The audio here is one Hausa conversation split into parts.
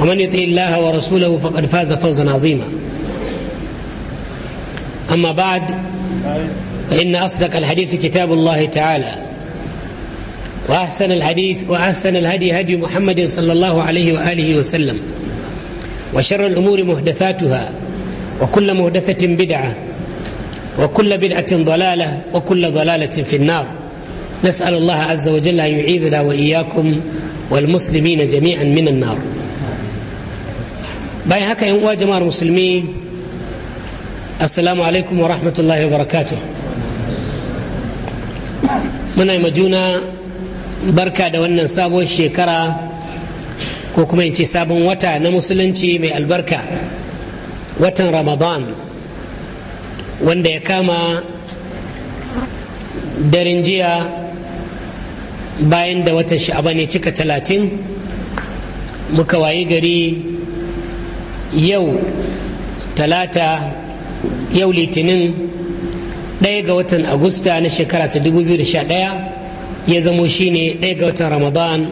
ومن يطيع الله ورسوله فقد فاز فوزا عظيما أما بعد فإن أصدق الحديث كتاب الله تعالى وأحسن الحديث وأحسن الهدي هدي محمد صلى الله عليه وآله وسلم وشر الأمور محدثاتها وكل محدثة بدعة وكل بدعة ضلالة وكل ضلالة في النار نسأل الله عز وجل أن يعيذنا وإياكم والمسلمين جميعا من النار bayan haka yan uwa jama'ar musulmi assalamu alaikum wa rahmatullahi wa barakatu muna yi juna barka da wannan sabon shekara ko kuma in ce sabon wata na musulunci mai albarka watan ramadan wanda ya kama Darin jiya bayan da watan sha'aba ne cika talatin muka wayi gari yau talata yau litinin ɗaya ga watan agusta na shekara ta 2011 ya zamo shine ɗaya ga watan ramadan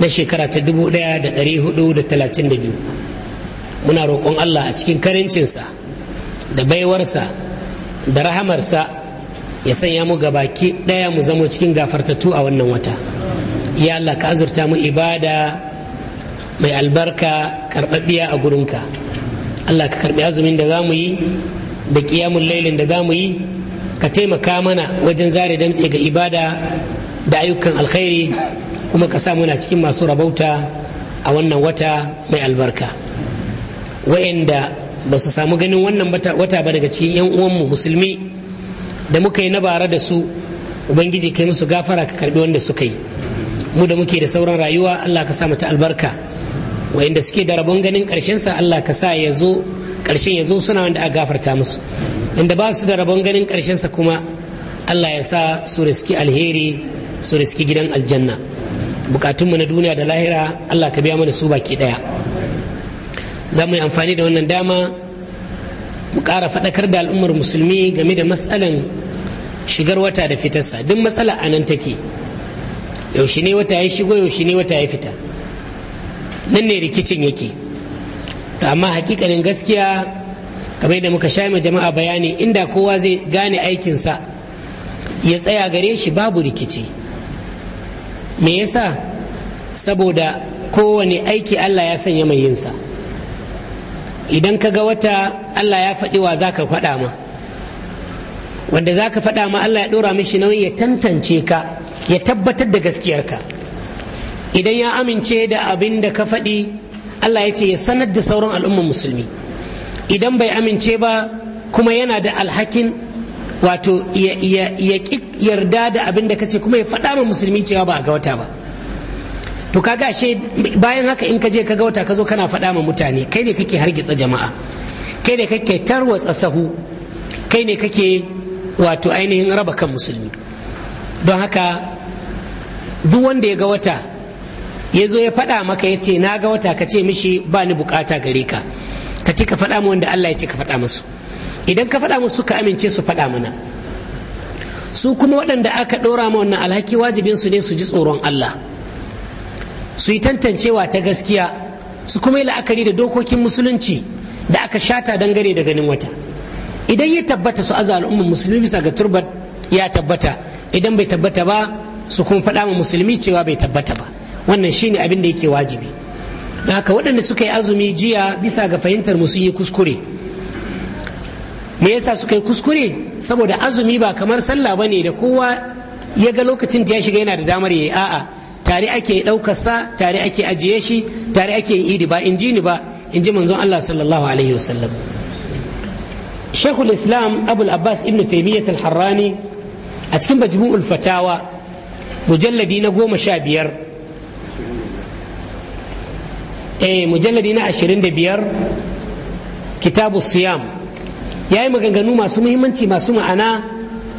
na shekara ta 1432 muna roƙon allah a cikin karincinsa da baiwarsa da rahamarsa ya sanya mu baki ɗaya mu zamo cikin gafartattu a wannan wata ya allah ka azurta mu ibada mai albarka karɓaɓɓiya a gurinka allah ka karɓi azumin da za mu yi da ƙiyamun lailin da za mu yi ka taimaka mana wajen zare damtse ga ibada da ayyukan alkhairi kuma ka sa muna cikin masu rabauta a wannan wata mai albarka wa'anda ba su samu ganin wannan wata ba daga cikin 'yan uwanmu musulmi da muka yi na bara da su ubangiji kai musu gafara ka karbi wanda suka yi mu da muke da sauran rayuwa allah ka sa mu ta albarka wayanda suke da rabon ganin karshen sa Allah ka sa ya zo karshen ya zo suna wanda a gafarta musu inda ba su da rabon ganin karshen sa kuma Allah ya sa su riski alheri su riski gidan aljanna bukatunmu na duniya da lahira Allah ka biya mana su baki daya za mu yi amfani da wannan dama mu ƙara faɗakar da al'ummar musulmi game da matsalan shigar wata da fitarsa duk matsala a nan take yaushe ne wata ya shigo yaushe ne wata ya fita nan ne rikicin yake amma hakikanin gaskiya kamar da muka shaima jama'a bayani inda kowa zai gane aikinsa ya tsaya gare shi babu rikici me yasa saboda kowane aiki allah ya sanya mai yinsa idan ka ga wata allah ya faɗiwa wa za ka faɗa ma wanda zaka ka faɗa ma allah ya ɗora mishi nauyi ya tantance ka ya tabbatar da gaskiyar ka. idan ya amince da abin da ka faɗi Allah ya ce ya sanar da sauran al'ummar musulmi idan bai amince ba kuma yana da alhakin wato ya yarda da abin da ka ce kuma ya faɗa ma musulmi cewa ba a ga wata ba to ka ashe bayan haka in ka je ka ga wata ka zo kana faɗa ma mutane kai ne kake hargitsa jama'a kai ne kake tarwatsa sahu kai ne kake wato ainihin raba kan musulmi don haka duk wanda ya ga wata ya zo ya faɗa maka ya ce na ga wata ka ce mishi ba ni bukata gare ka ka ce ka faɗa mu wanda Allah ya ce ka faɗa musu idan ka faɗa musu ka amince su faɗa mana su kuma waɗanda aka ɗora ma wannan alhaki wajibin su ne su ji tsoron Allah su yi tantancewa ta gaskiya su kuma yi la'akari da dokokin musulunci da aka shata dangane da ganin wata idan ya tabbata su aza al'ummar musulmi bisa ga turbar ya tabbata idan bai tabbata ba su kuma faɗa ma musulmi cewa bai tabbata ba wannan shi ne abin da yake wajibi haka waɗanda suka yi azumi jiya bisa ga fahimtar mu sun yi kuskure me yasa suka yi kuskure saboda azumi ba kamar sallah ba ne da kowa ya ga lokacin da ya shiga yana da damar ya yayi a'a tare ake ɗaukar sa tare ake ajiye shi tare ake yin idi ba in ji ni ba in ji manzon Allah sallallahu alaihi wasallam Sheikhul Islam Abul Abbas Ibn Taymiyyah Al-Harrani a cikin Majmu'ul Fatawa mujalladi na goma sha biyar eh mujalladi na 25 kitabu siyam ya yi maganganu masu muhimmanci masu ma'ana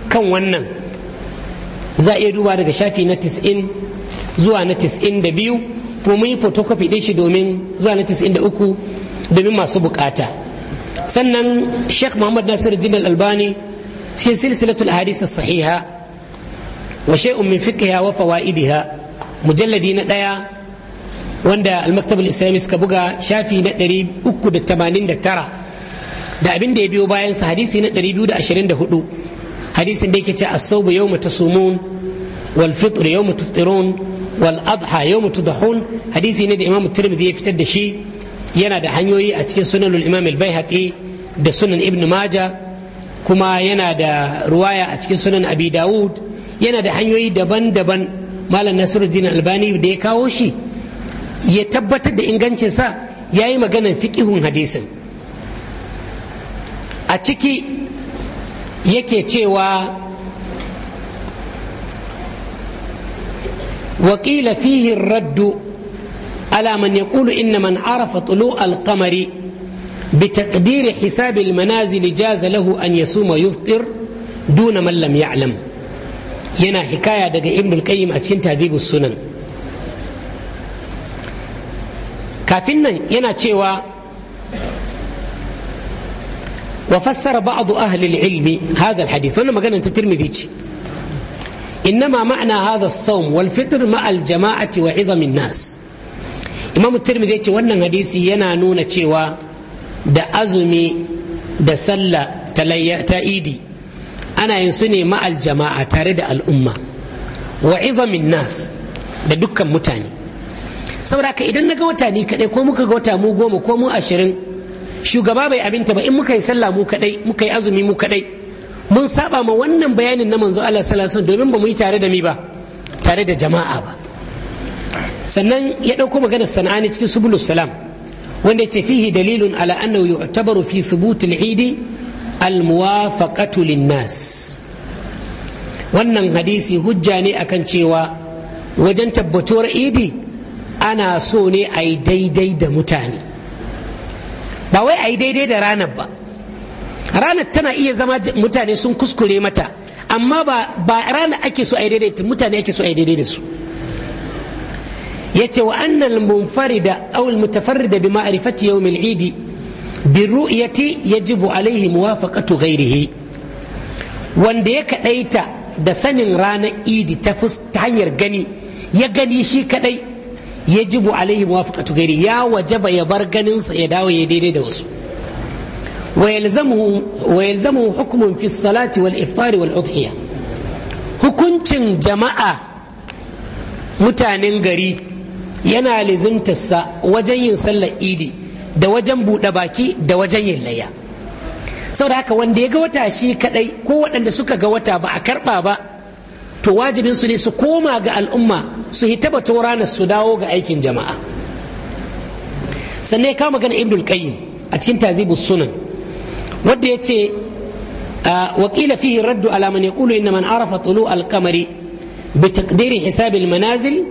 kan wannan za a iya duba daga shafi na 90 zuwa na 92 kuma mun yi photocopy ɗin shi domin zuwa na 93 domin masu bukata sannan sheikh muhammad nasiru dinar albani cikin silsilatul hadisa sahiha wa shay'un min fiqhiha wa fawaidiha mujalladi na ɗaya wanda almaktab islami suka buga shafi na 389 da abin da ya biyo bayan sa hadisi na 224 hadisin da yake ce as-sawbu yawma tasumun wal fitr yawma tuftirun wal adha yawma tudhun hadisi ne da imamu tirmidhi ya fitar da shi yana da hanyoyi a cikin sunanul imam al-baihaqi da sunan ibn maja kuma yana da ruwaya a cikin sunan abi yana da hanyoyi daban-daban malam nasiruddin albani da ya kawo shi ya tabbatar da ingancinsa ya yi maganan fiƙihun hadisin a ciki yake cewa وقيل فيه الرد على من يقول إن من عرف طلوع القمر بتقدير حساب المنازل جاز له أن يصوم يفطر دون من لم يعلم ينا حكاية دقى ابن القيم أتكين تهذيب السنن kafin nan yana cewa wa fassara ba'adu ahli ilmi hadha alhadith wannan maganar ta tirmidhi ce إنما معنى هذا الصوم والفطر مع الجماعة وعظم الناس إمام الترمذي يقول wannan hadisi yana nuna cewa da azumi da sallah ta idi ana yin su ne ma'al jama'a tare da al'umma wa izamin nas da dukkan mutane saboda haka idan naga ga wata ni kadai ko muka ga wata mu goma ko mu ashirin shugaba bai abinta ba in muka yi sallah mu kadai muka yi azumi mu kadai mun saba ma wannan bayanin na manzo Allah sallallahu alaihi domin ba mu yi tare da mi ba tare da jama'a ba sannan ya dauko maganar sana'ani cikin subulus salam wanda ya ce fihi dalilun ala annahu yu'tabaru fi thubutil idi al muwafaqatu linnas wannan hadisi hujja ne akan cewa wajen tabbatuwar idi ana so ne a yi daidai da mutane ba wai a yi daidai da ranar ba ranar tana iya zama mutane sun kuskure mata amma ba ranar ake so a yi daidai mutane ake so a yi daidai da su yace wa annal da awul mutafari da bi ma'arifati yau al eid bi ru'yati alaihi alayhi muwafaqatu ghayrihi wanda ya kaɗaita da sanin ranar idi ta hanyar gani ya gani shi kaɗai Ya yajibu alaihi muwafaqatu ghairi ya ba ya bar ganin sa ya dawo ya daidai da wasu wa yalzamuhu wa yalzamuhu hukmun fi salati wal iftar wal udhiya hukuncin jama'a mutanen gari yana lizimtarsa wajen yin sallar idi da wajen buɗe baki da wajen yin layya saboda haka wanda ya ga wata shi kadai ko waɗanda suka ga wata ba a karɓa ba to wajibin su ne su koma ga al'umma su hita ba toranar su dawo ga aikin jama'a sannan ya kama gana ibnul a cikin tazibus sunan wanda ya ce ah, wa kila fihi raddu ala man yaqulu inna man arafa tulu al-qamari bi taqdiri hisab manazil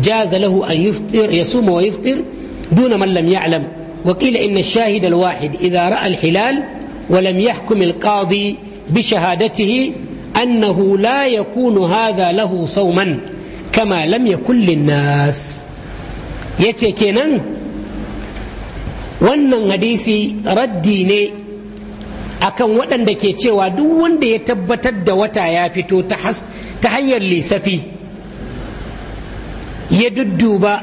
jaza lahu an yuftir yasuma wa yuftir duna man lam ya'lam wa qila inna ash-shahid al-wahid idha ra'a hilal wa lam yahkum al bi shahadatihi أنه لا يكون هذا له صوما كما لم يكن للناس kenan wannan hadisi raddi ne akan waɗanda ke cewa duk wanda ya tabbatar da wata ya fito ta hanyar lissafi ya dudduba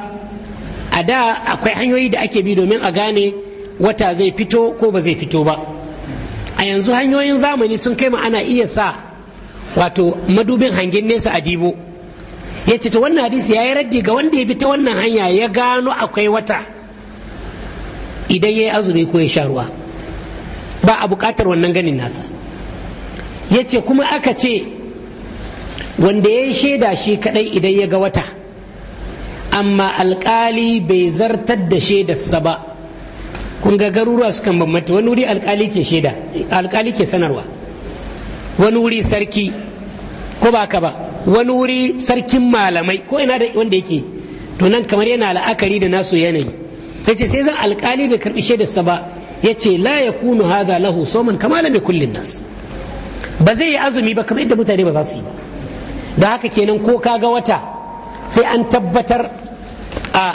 a da akwai hanyoyi da ake bi domin a gane wata zai fito ko ba zai fito ba a yanzu hanyoyin zamani sun kai ma ana iya sa wato madubin hangen nesa a dibo ya ce ta wannan hadisi ya yi raddi ga wanda ya bi ta wannan hanya ya gano akwai wata idan ya yi azumi ko ya sha ruwa ba a bukatar wannan ganin nasa ya ce kuma aka ce wanda ya yi shaida shi kadai idan ya ga wata amma alkali bai zartar da shaidarsa ba kun ga garuruwa sukan bambanta wani wuri alkali ke sanarwa wani wuri sarki ko ba ka ba wani wuri sarkin malamai ko ina da wanda yake to nan kamar yana la'akari da nasu yanayi ta ce sai zan alkali bai karbi shaidarsa ba ya ce la ya kunu hada lahu soman kama lam kullin nas ba zai yi azumi ba kamar yadda mutane ba za su yi da haka kenan ko ka ga wata sai an tabbatar a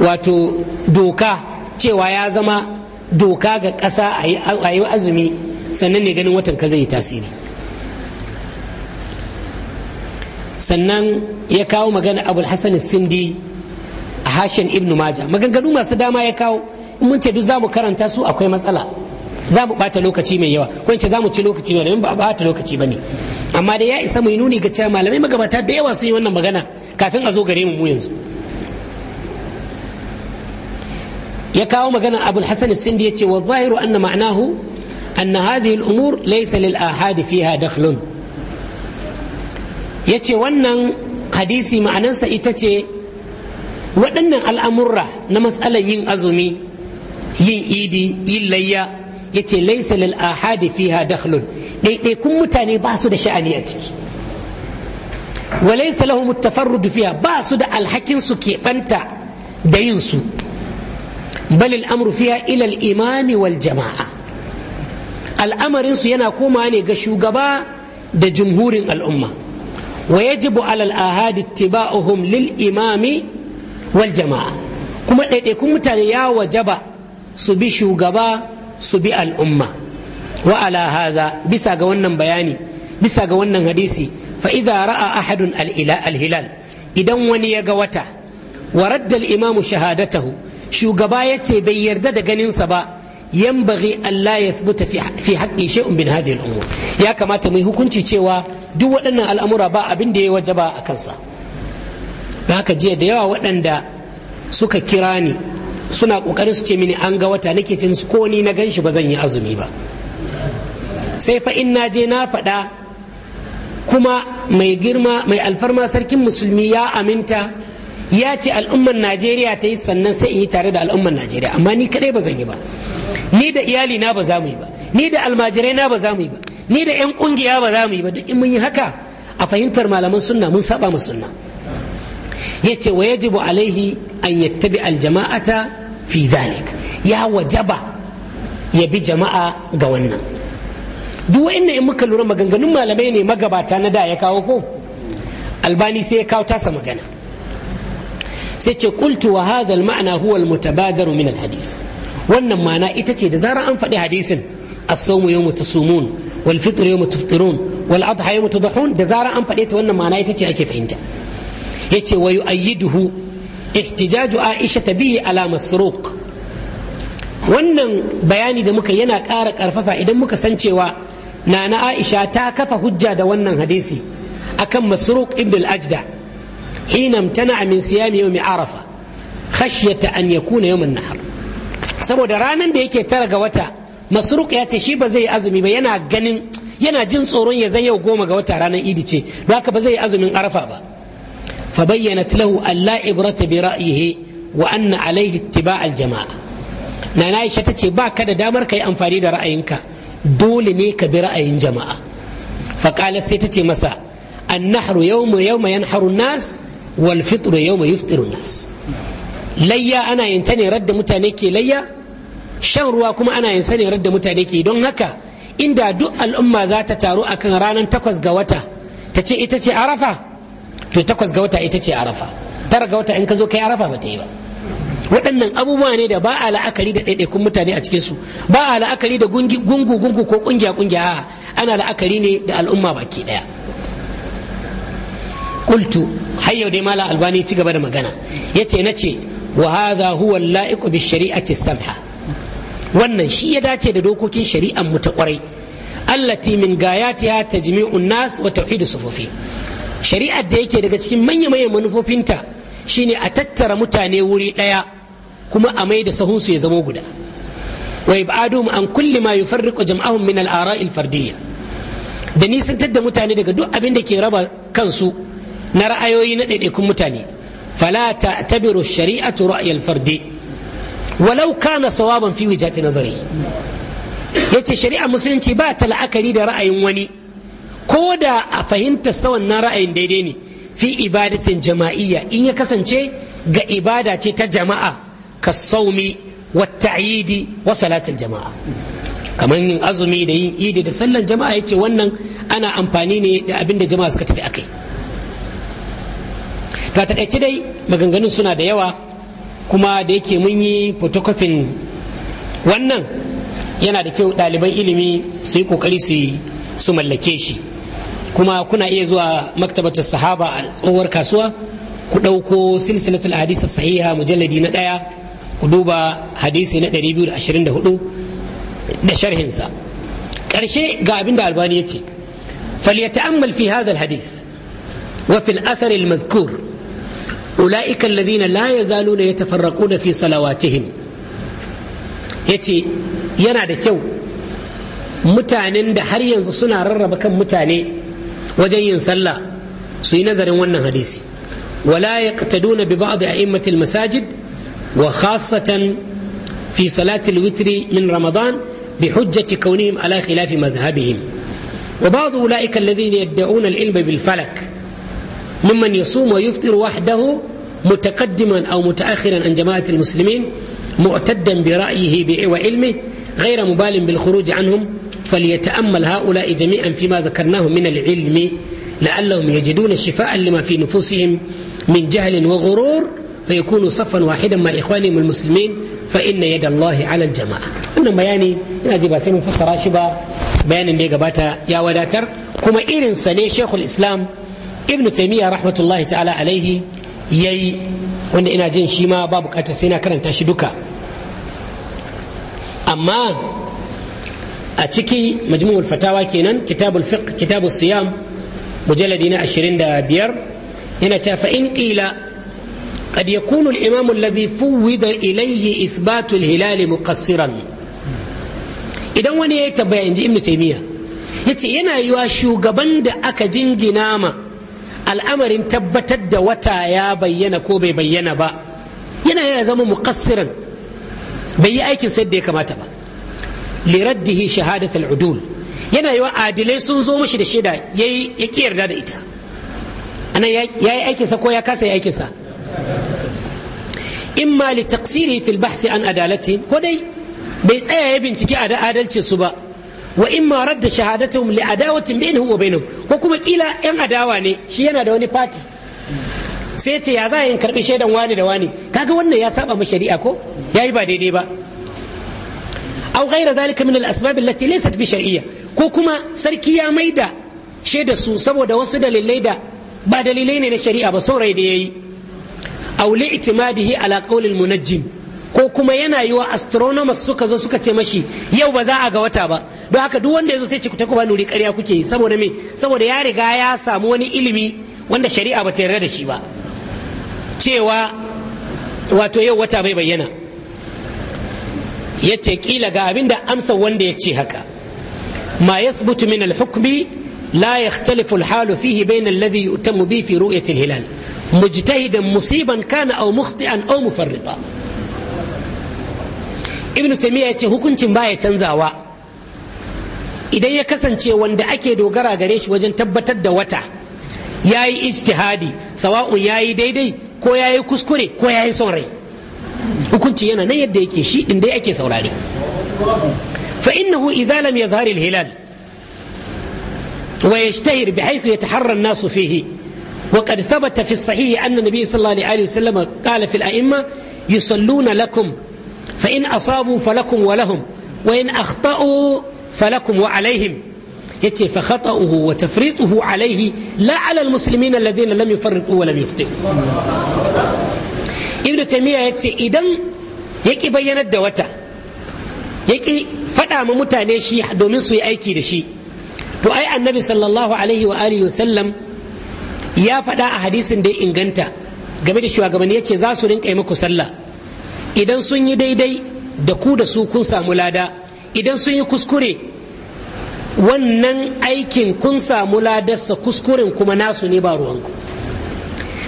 wato doka cewa ya zama doka ga ƙasa a yi azumi sannan ne ganin watan ka zai yi tasiri sannan ya kawo magana abul hassan sindi a hashen ibnu maja maganganu masu dama ya kawo mun ce duk za mu karanta su akwai matsala za mu ɓata lokaci mai yawa ko ce za mu ci lokaci mai yawa ba ɓata lokaci ba ne amma da ya isa mai nuni ga cewa malamai magabata da yawa sun yi wannan magana kafin a zo gare mu yanzu ya kawo magana abul hassan sindi ya ce wa zahiru anna ma'anahu anna hadhihi al-umur laysa lil ahadi fiha dakhlun ya ce wannan hadisi ma'anansa ita ce waɗannan al'amurra na matsalar yin azumi yin idi yin layya ya ce laisa lil ahadi fiha dakhlun ɗaiɗaikun mutane ba su da sha'ani a ciki wa laisa lahum tafarrud fiha ba su da alhakin su keɓanta da yin su bal al'amru fiha ila al wal jama'a al'amarin su yana koma ne ga shugaba da jumhurin al'umma ويجب على الآهاد اتباعهم للإمام والجماعة كما تكون متانيا وجب سبي شوغبا سبي الأمة وعلى هذا بسا قوانا بياني بسا قوانا حديثي فإذا رأى أحد الهلال إذا وني يقوتا ورد الإمام شهادته شوغبا يتي بيردد غنينسا با ينبغي ألا يثبت في حقه شيء من هذه الأمور يا كما تمي هكونتي cewa duk waɗannan al'amura ba abin da ya waje ba a kansa haka jiya da yawa waɗanda suka kira ni suna ƙoƙarin su ce mini an ga wata nake cin su ko ni na gan shi ba zan yi azumi ba sai fa in na je na faɗa kuma mai girma mai alfarma sarkin musulmi ya aminta ya ce al'ummar najeriya ta yi sannan sai in yi tare da al'ummar najeriya amma ni kadai ba zan yi ba ni da iyali na ba za mu yi ba ni da almajirai na ba za mu yi ba ni da 'yan kungiya ba za mu yi ba duk in mun yi haka a fahimtar malaman sunna mun saba ma sunna ya ce wa yajibu alaihi an yattabi aljama'ata fi zalik ya wajaba ya bi jama'a ga wannan duk wa'inda in muka lura maganganun malamai ne magabata na da ya kawo ko albani sai ya kawo tasa magana sai ce kultu wa hadha al-ma'na huwa al-mutabadaru min al-hadith wannan ma'ana ita ce da zarar an faɗi hadisin as-sawmu yawmu tasumun wal fitr yawma tuftirun wal adha yawma tudhun da zara an faɗe ta wannan ma'ana ita ce ake fahimta yace ayi duhu? ihtijaju aisha bihi ala masruq wannan bayani da muka yana kara karfafa idan muka san cewa nana aisha ta kafa hujja da wannan hadisi akan masruq ibn al-ajda hina amtana min siyam yawm arafa khashyata an yakuna yawm an-nahar saboda ranan da yake tara ga wata masruq ya ce shi ba zai azumi ba yana ganin yana jin tsoron ya zai yau goma ga wata ranar idi ce don haka ba zai azumin arafa ba fa bayyana allah alla ibrata bi ra'yihi wa anna alaihi ittiba' al jama'a nana aisha ta ce ba ka da damar ka yi amfani da ra'ayinka dole ne ka bi ra'ayin jama'a fa qala sai ta ce masa annahru yawma yawma yanharu nas wal fitru yawma yuftiru nas layya ana yin ta ne radda mutane ke layya shan ruwa kuma ana yin sanin radda mutane ke don haka inda duk al'umma za ta taru kan ranar takwas ga wata ta ce ita ce arafa to takwas ga wata ita ce arafa tara ga wata in ka zo kai arafa ba ta yi ba waɗannan abubuwa ne da ba a la'akari da ɗaiɗaikun mutane a cikinsu ba a la'akari da gungu gungu ko ƙungiya ƙungiya ana la'akari ne da al'umma baki ɗaya kultu har yau dai mala albani ci gaba da magana yace nace wa haza huwa la'iku bi wannan shi ya dace da dokokin shari'an mu ta kwarai allati min gayatiha tajmi'un nas wa tauhidu sufufi shari'ar da yake daga cikin manya manyan manufofinta shine a tattara mutane wuri daya kuma a mai da sahun su ya zamo guda wa ib'adum an kulli ma yufarriqu jam'ahum min al-ara'i al-fardiyya da nisantar da mutane daga duk abin da ke raba kansu na ra'ayoyi na ɗaiɗaikun mutane fala ta tabiru shari'atu ra'ayil fardi walau kana sawaban fi wijati nazari yace shari'a musulunci ba ta la'akari da ra'ayin wani ko da a fahimta sawan na ra'ayin daidai ne fi ibadatin jama'iyya in ya kasance ga ibada ce ta jama'a ka saumi wa ta'idi wa salatul jama'a kamar yin azumi da yin idi da sallan jama'a yace wannan ana amfani ne da abinda jama'a suka tafi akai ta takaice dai maganganun suna da yawa kuma da yake mun yi photocopying wannan yana da kyau ɗaliban ilimi su yi ƙoƙari su su mallake shi kuma kuna iya zuwa maktabatar sahaba a tsohuwar kasuwa ku ɗauko silsilatul hadisa sahiha mujalladi na ɗaya ku duba hadisi na 224 da sharhinsa ƙarshe ga abin da albani ya ce fal falyata'ammal fi hadha hadis, wa fil athar almadhkur أولئك الذين ya يزالون da في صلواتهم يتي yana da kyau mutanen da har yanzu suna rarraba kan mutane wajen yin sallah su yi nazarin wannan hadisi wala duna bi ba'd a'immatil masajid wa khassatan fi salatil witri min ramadan bi hujjati kaunihim ala khilafi madhhabihim wa ba'd ulaika alladhina ya al-ilma bil falak ممن يصوم ويفطر وحده متقدما أو متأخرا عن جماعة المسلمين معتدا برأيه وعلمه غير مبال بالخروج عنهم فليتأمل هؤلاء جميعا فيما ذكرناه من العلم لعلهم يجدون شفاء لما في نفوسهم من جهل وغرور فيكونوا صفا واحدا مع إخوانهم المسلمين فإن يد الله على الجماعة wannan bayani ina ji ba sai mun fassara shi ba bayanin da ya gabata ya wadatar kuma irinsa ne shekul islam ibn taimiyya rahmatullahi ta'ala alaihi yayi wanda ina jin shi ma ba bukatar sai na karanta shi duka amma a ciki majmu'ul fatawa kenan kitabul fiqh kitabul siyam mujalladi na 25 yana cewa fa in qila قد يكون الإمام الذي فوض إليه إثبات الهلال مقصرا إذا وني يتبع عند ابن تيمية yace yana yiwa shugaban da aka jingina ma al'amarin tabbatar da wata ya bayyana ko bai bayyana ba yana yana zama muqassiran bai yi aikin sai da ya kamata ba liraddihi shahadat udul yana yi wa adilai sun zo mashi da shaida yayi ya ki yarda da ita anan ya yi sa ko ya kasa yi sa imma li taqsiri fil bahth an adalati ko dai bai tsaya ya bincike adalcin su ba wa in ma radda shahadatuhum li adawatin bainahu wa bainahu ko kuma kila yan adawa ne shi yana da wani fati sai ce ya za yin karbi shaidan wani da wani kaga wannan ya saba ma shari'a ko yayi ba daidai ba aw ghayra zalika min al-asbab allati laysat bi shar'iyya ko kuma sarki ya maida shaida su saboda wasu dalilai da ba dalilai ne na shari'a ba saurayi da yayi aw li itimadihi ala qawli al-munajjim ko kuma yana yi wa astronomers suka zo suka ce mashi yau ba za a ga wata ba don haka duk wanda ya zo sai ci ku taku bani ƙarya kuke yi saboda me saboda ya riga ya samu wani ilimi wanda shari'a ba ta yarda da shi ba cewa wato yau wata bai bayyana ya ce kila ga abin da amsa wanda ya ce haka ma yasbutu min al-hukmi la yakhtalifu al-halu fihi bayna alladhi yu'tamu bi fi ru'yati al-hilal mujtahidan musiban kana aw mukhti'an aw mufarrita ibnu taymiya ya ce hukuncin baya canzawa idan ya kasance wanda ake dogara gare shi wajen tabbatar da wata ya yi ijtihadi sawa'un ya yi daidai ko ya yi kuskure ko ya yi son rai hukunci yana nan yadda yake shi din dai ake saurare fa innahu idza lam yazhar al hilal wa yashtahir bihaythu yataharra an nasu fihi wa qad thabata fi sahih anna nabiy sallallahu alaihi wasallam qala fil a'imma yusalluna lakum fa in asabu falakum wa lahum wa in akhta'u falakum wa alaihim yace fa khata'uhu wa tafrituhu alaihi la ala almuslimin alladhina lam yufarritu wa lam yukhti ibnu taymiya yace idan yaki bayyanar da wata yaki faɗa ma mutane shi domin su yi aiki da shi to ai annabi sallallahu alaihi wa alihi wa sallam ya faɗa a hadisin da inganta game da shugabanni yace za su rinka yi muku sallah idan sun yi daidai da ku da su kun samu lada idan sun yi kuskure wannan aikin kun samu ladarsa kuskuren kuma nasu ne ba ruwanku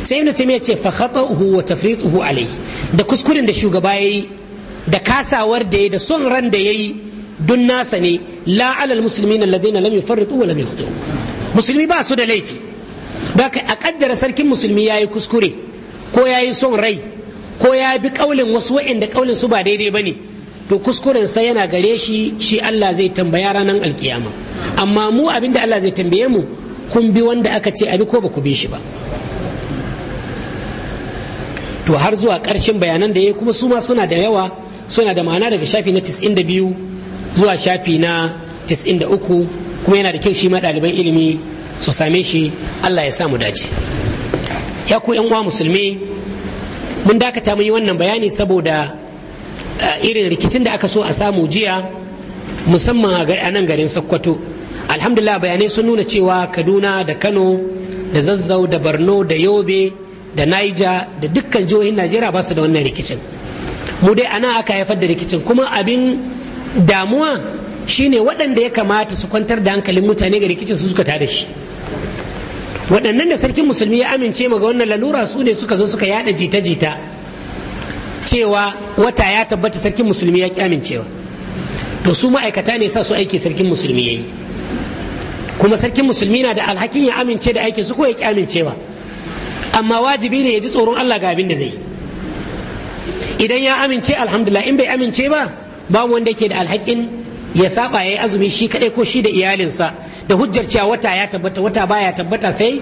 sai ibnu taymiya ce fa khata'uhu wa tafriquhu alai da kuskuren da shugaba yayi da kasawar da yayi da son ran da yayi dun nasa ne la alal muslimin alladhina lam yufarritu wa lam yakhtu musulmi ba su da laifi baka a kaddara sarkin musulmi yayi kuskure ko yayi son rai ko ya bi kaulin wasu wa'anda kaulin su ba daidai bane to kuskuren sa yana gare shi shi Allah zai tambaya ranar alkiyama amma mu abinda Allah zai tambaye mu kun bi wanda aka ce abi ko ba ku bi shi ba to har zuwa ƙarshen bayanan da ya kuma su ma suna da yawa suna da ma'ana daga shafi na 92 zuwa shafi na 93 kuma yana da kyau shi ma ɗaliban ilimi su same shi Allah ya sa mu dace ya ku ƴan uwa musulmi mun dakata mun yi wannan bayani saboda irin rikicin da aka so a samu jiya musamman a nan garin sokoto alhamdulillah bayanai sun nuna cewa kaduna da kano da zazzau da borno da yobe da niger da dukkan jihohin najeriya ba su da wannan rikicin mu dai ana aka haifar da rikicin kuma abin damuwa shine waɗanda ya kamata su kwantar da hankalin mutane ga rikicin su suka tada shi waɗannan da sarkin musulmi ya amince maga ga wannan lalura su ne suka zo suka yada jita-jita cewa wata ya tabbata sarkin musulmi ya ki amincewa to su ma'aikata ne sa su aiki sarkin musulmi ya yi kuma sarkin musulmi na da alhakin ya amince da aikin su ko ya ki amincewa amma wajibi ne ya ji tsoron Allah ga abin da zai idan ya amince alhamdulillah in bai amince ba babu wanda ke da alhakin ya saba ya yi azumi shi kaɗai ko shi da iyalinsa da hujjar cewa wata ya tabbata wata baya tabbata sai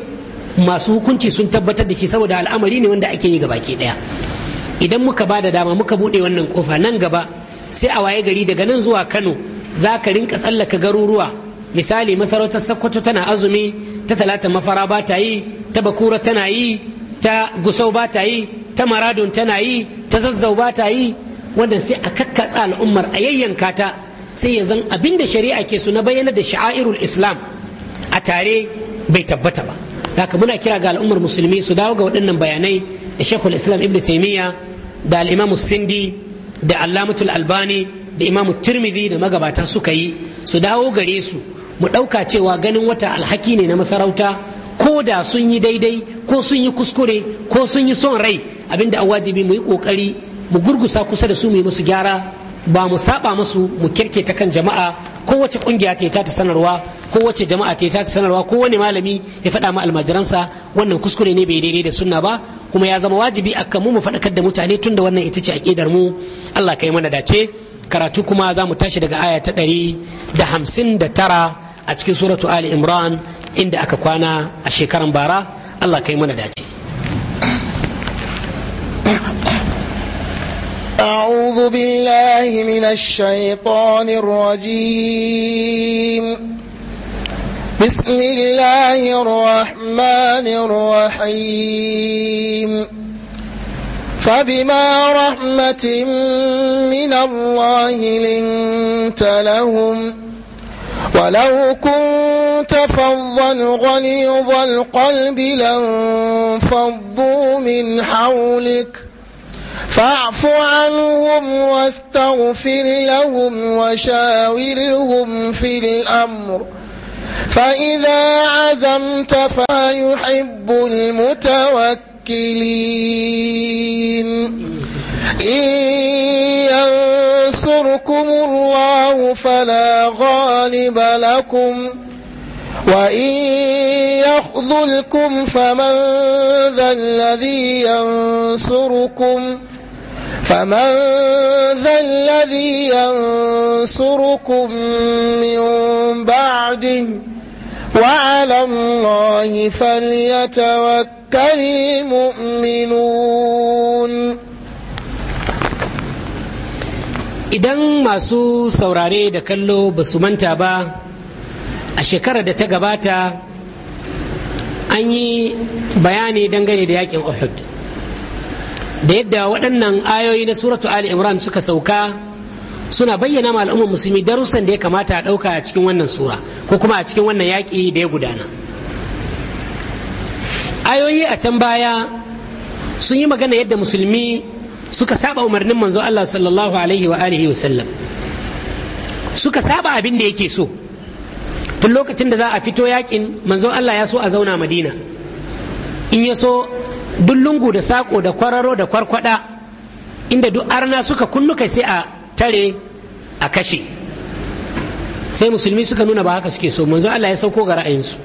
masu hukunci sun tabbatar da shi saboda al'amari ne wanda ake yi ke ɗaya. idan muka ba da dama muka buɗe wannan kofa nan gaba sai a waye gari daga nan zuwa kano za ka rinka tsallaka garuruwa misali masarautar sokoto tana azumi ta talata mafara ba ta yi ta bakura tana yi ta gusau ba ta yi ta maradon tana yi ta zazzau ba ta yi wanda sai a kakkatsa al'ummar a yayyanka ta sai ya zan abin da shari'a ke su na bayyana da sha'airul islam a tare bai tabbata ba haka muna kira ga al'ummar musulmi su dawo ga waɗannan bayanai da shekul islam ibn taimiyya da al'imamu sindi da allamatul albani da imamu tirmidhi da magabata suka yi su dawo gare su mu ɗauka cewa ganin wata alhaki ne na masarauta ko da sun yi daidai ko sun yi kuskure ko sun yi son rai abinda a wajibi mu yi ƙoƙari mu gurgusa kusa da su mu yi musu gyara ba mu saba masu mu ta kan jama'a ko wace ƙungiya ta ta sanarwa kowace jama'a ta ta sanarwa wani malami ya faɗa ma almajiransa wannan kuskure ne bai daidai da sunna ba kuma ya zama wajibi akan mu mu faɗakar da mutane tun da wannan ita ce aƙidar mu Allah kai mana dace karatu kuma za mu tashi daga aya ta ɗari da hamsin da tara a cikin suratu Ali Imran inda aka kwana a shekaran bara Allah kai mana dace أعوذ بالله من الشيطان الرجيم بسم الله الرحمن الرحيم فبما رحمة من الله لنت لهم ولو كنت فظا غليظ القلب لانفضوا من حولك فاعف عنهم واستغفر لهم وشاورهم في الأمر فإذا عزمت فيحب المتوكلين إن ينصركم الله فلا غالب لكم وإن يخذلكم فمن ذا الذي ينصركم فمن ذا الذي ينصركم من بعد وعلى الله فليتوكل المؤمنون idan masu saurare da kallo ba su manta ba a shekarar da ta gabata an yi bayani dangane da yakin uhud da yadda waɗannan ayoyi na suratu ali imran suka sauka suna bayyana ma al'ummar musulmi darussan da ya kamata a ɗauka a cikin wannan sura ko kuma a cikin wannan yaƙi da ya gudana ayoyi a can baya sun yi magana yadda musulmi suka saba umarnin manzo Allah sallallahu alaihi wa alihi wa sallam suka saba abin da yake so tun lokacin da za a fito yakin manzo Allah ya so a zauna madina in ya so duk lungu da sako da kwararo da kwarkwada inda duk arna suka kunnuka sai a tare a kashe sai musulmi suka nuna ba haka suke so manzo Allah ya sauko ga ra'ayinsu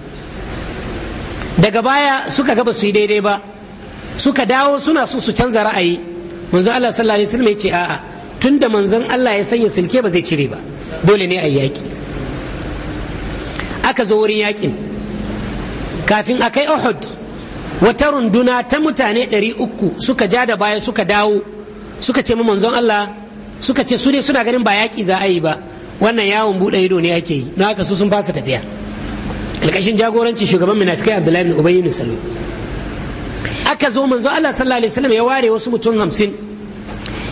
daga baya suka ga basu su yi daidai ba suka dawo suna so su canza ra'ayi manzo Allah sallallahu alaihi wasallam ya ce a'a tunda manzon Allah ya sanya silke ba zai cire ba dole ne a yaki aka zo wurin yaƙin kafin a kai Uhud wata runduna ta mutane ɗari uku suka ja da baya suka dawo suka ce mu manzon Allah suka ce su ne suna ganin ba yaƙi za a yi ba wannan yawon buɗe ido ne ake yi na haka su sun fasa tafiya alƙashin jagoranci shugaban munafikai Abdullahi bin Ubay bin aka zo manzo Allah sallallahu alaihi wasallam ya ware wasu mutum hamsin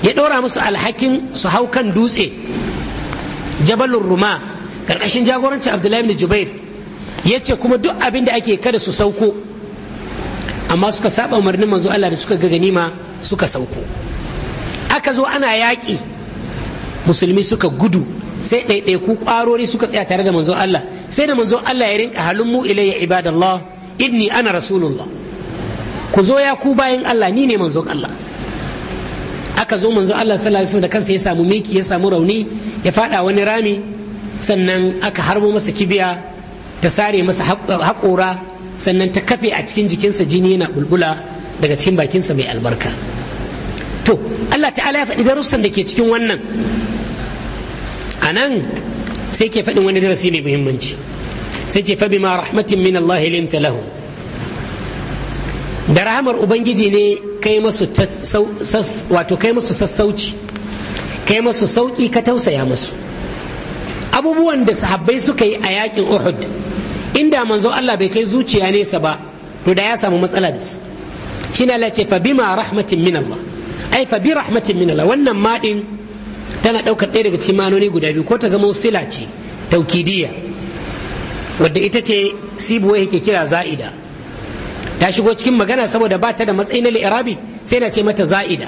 ya ɗora musu alhakin su hau kan dutse jabalur ruma ƙarƙashin jagorancin Abdullahi bin Jubair ya ce kuma duk abin da ake kada su sauko amma suka saba umarnin manzo Allah da suka ga ganima suka sauko aka zo ana yaƙi musulmi suka gudu sai ku ƙwarori suka tsaya tare da manzo Allah sai da manzo Allah ya rinka halin mu ilayya ibadallah inni ana rasulullah ku zo ya ku bayan Allah ni ne manzon Allah aka zo manzon Allah sallallahu alaihi wasallam da kansa ya samu miki ya samu rauni ya fada wani rami sannan aka harbo masa kibiya ta sare masa haƙora sannan ta kafe a cikin jikinsa jini yana bulbula daga cikin bakinsa mai albarka to Allah ta'ala ya faɗi darussan da ke cikin wannan a nan sai ke faɗin wani darasi mai muhimmanci sai ce fabi ma rahmatin min Allah linta lahu da rahamar ubangiji ne kai masu wato kai masu sassauci kai masu sauƙi ka tausaya masu. abubuwan da sahabbai suka yi a yaƙin Uhud inda manzo Allah bai kai zuciya nesa ba to da ya samu matsala da su shine Allah ce fa bima rahmatin min Allah ai fa bi rahmatin min Allah wannan madin tana daukar ɗaya daga cikin manoni guda biyu ko ta zama sila ce taukidiyya wadda ita ce sibuwa yake kira za'ida ta shigo cikin magana saboda ba ta da matsayi na li'irabi sai na ce mata za'ida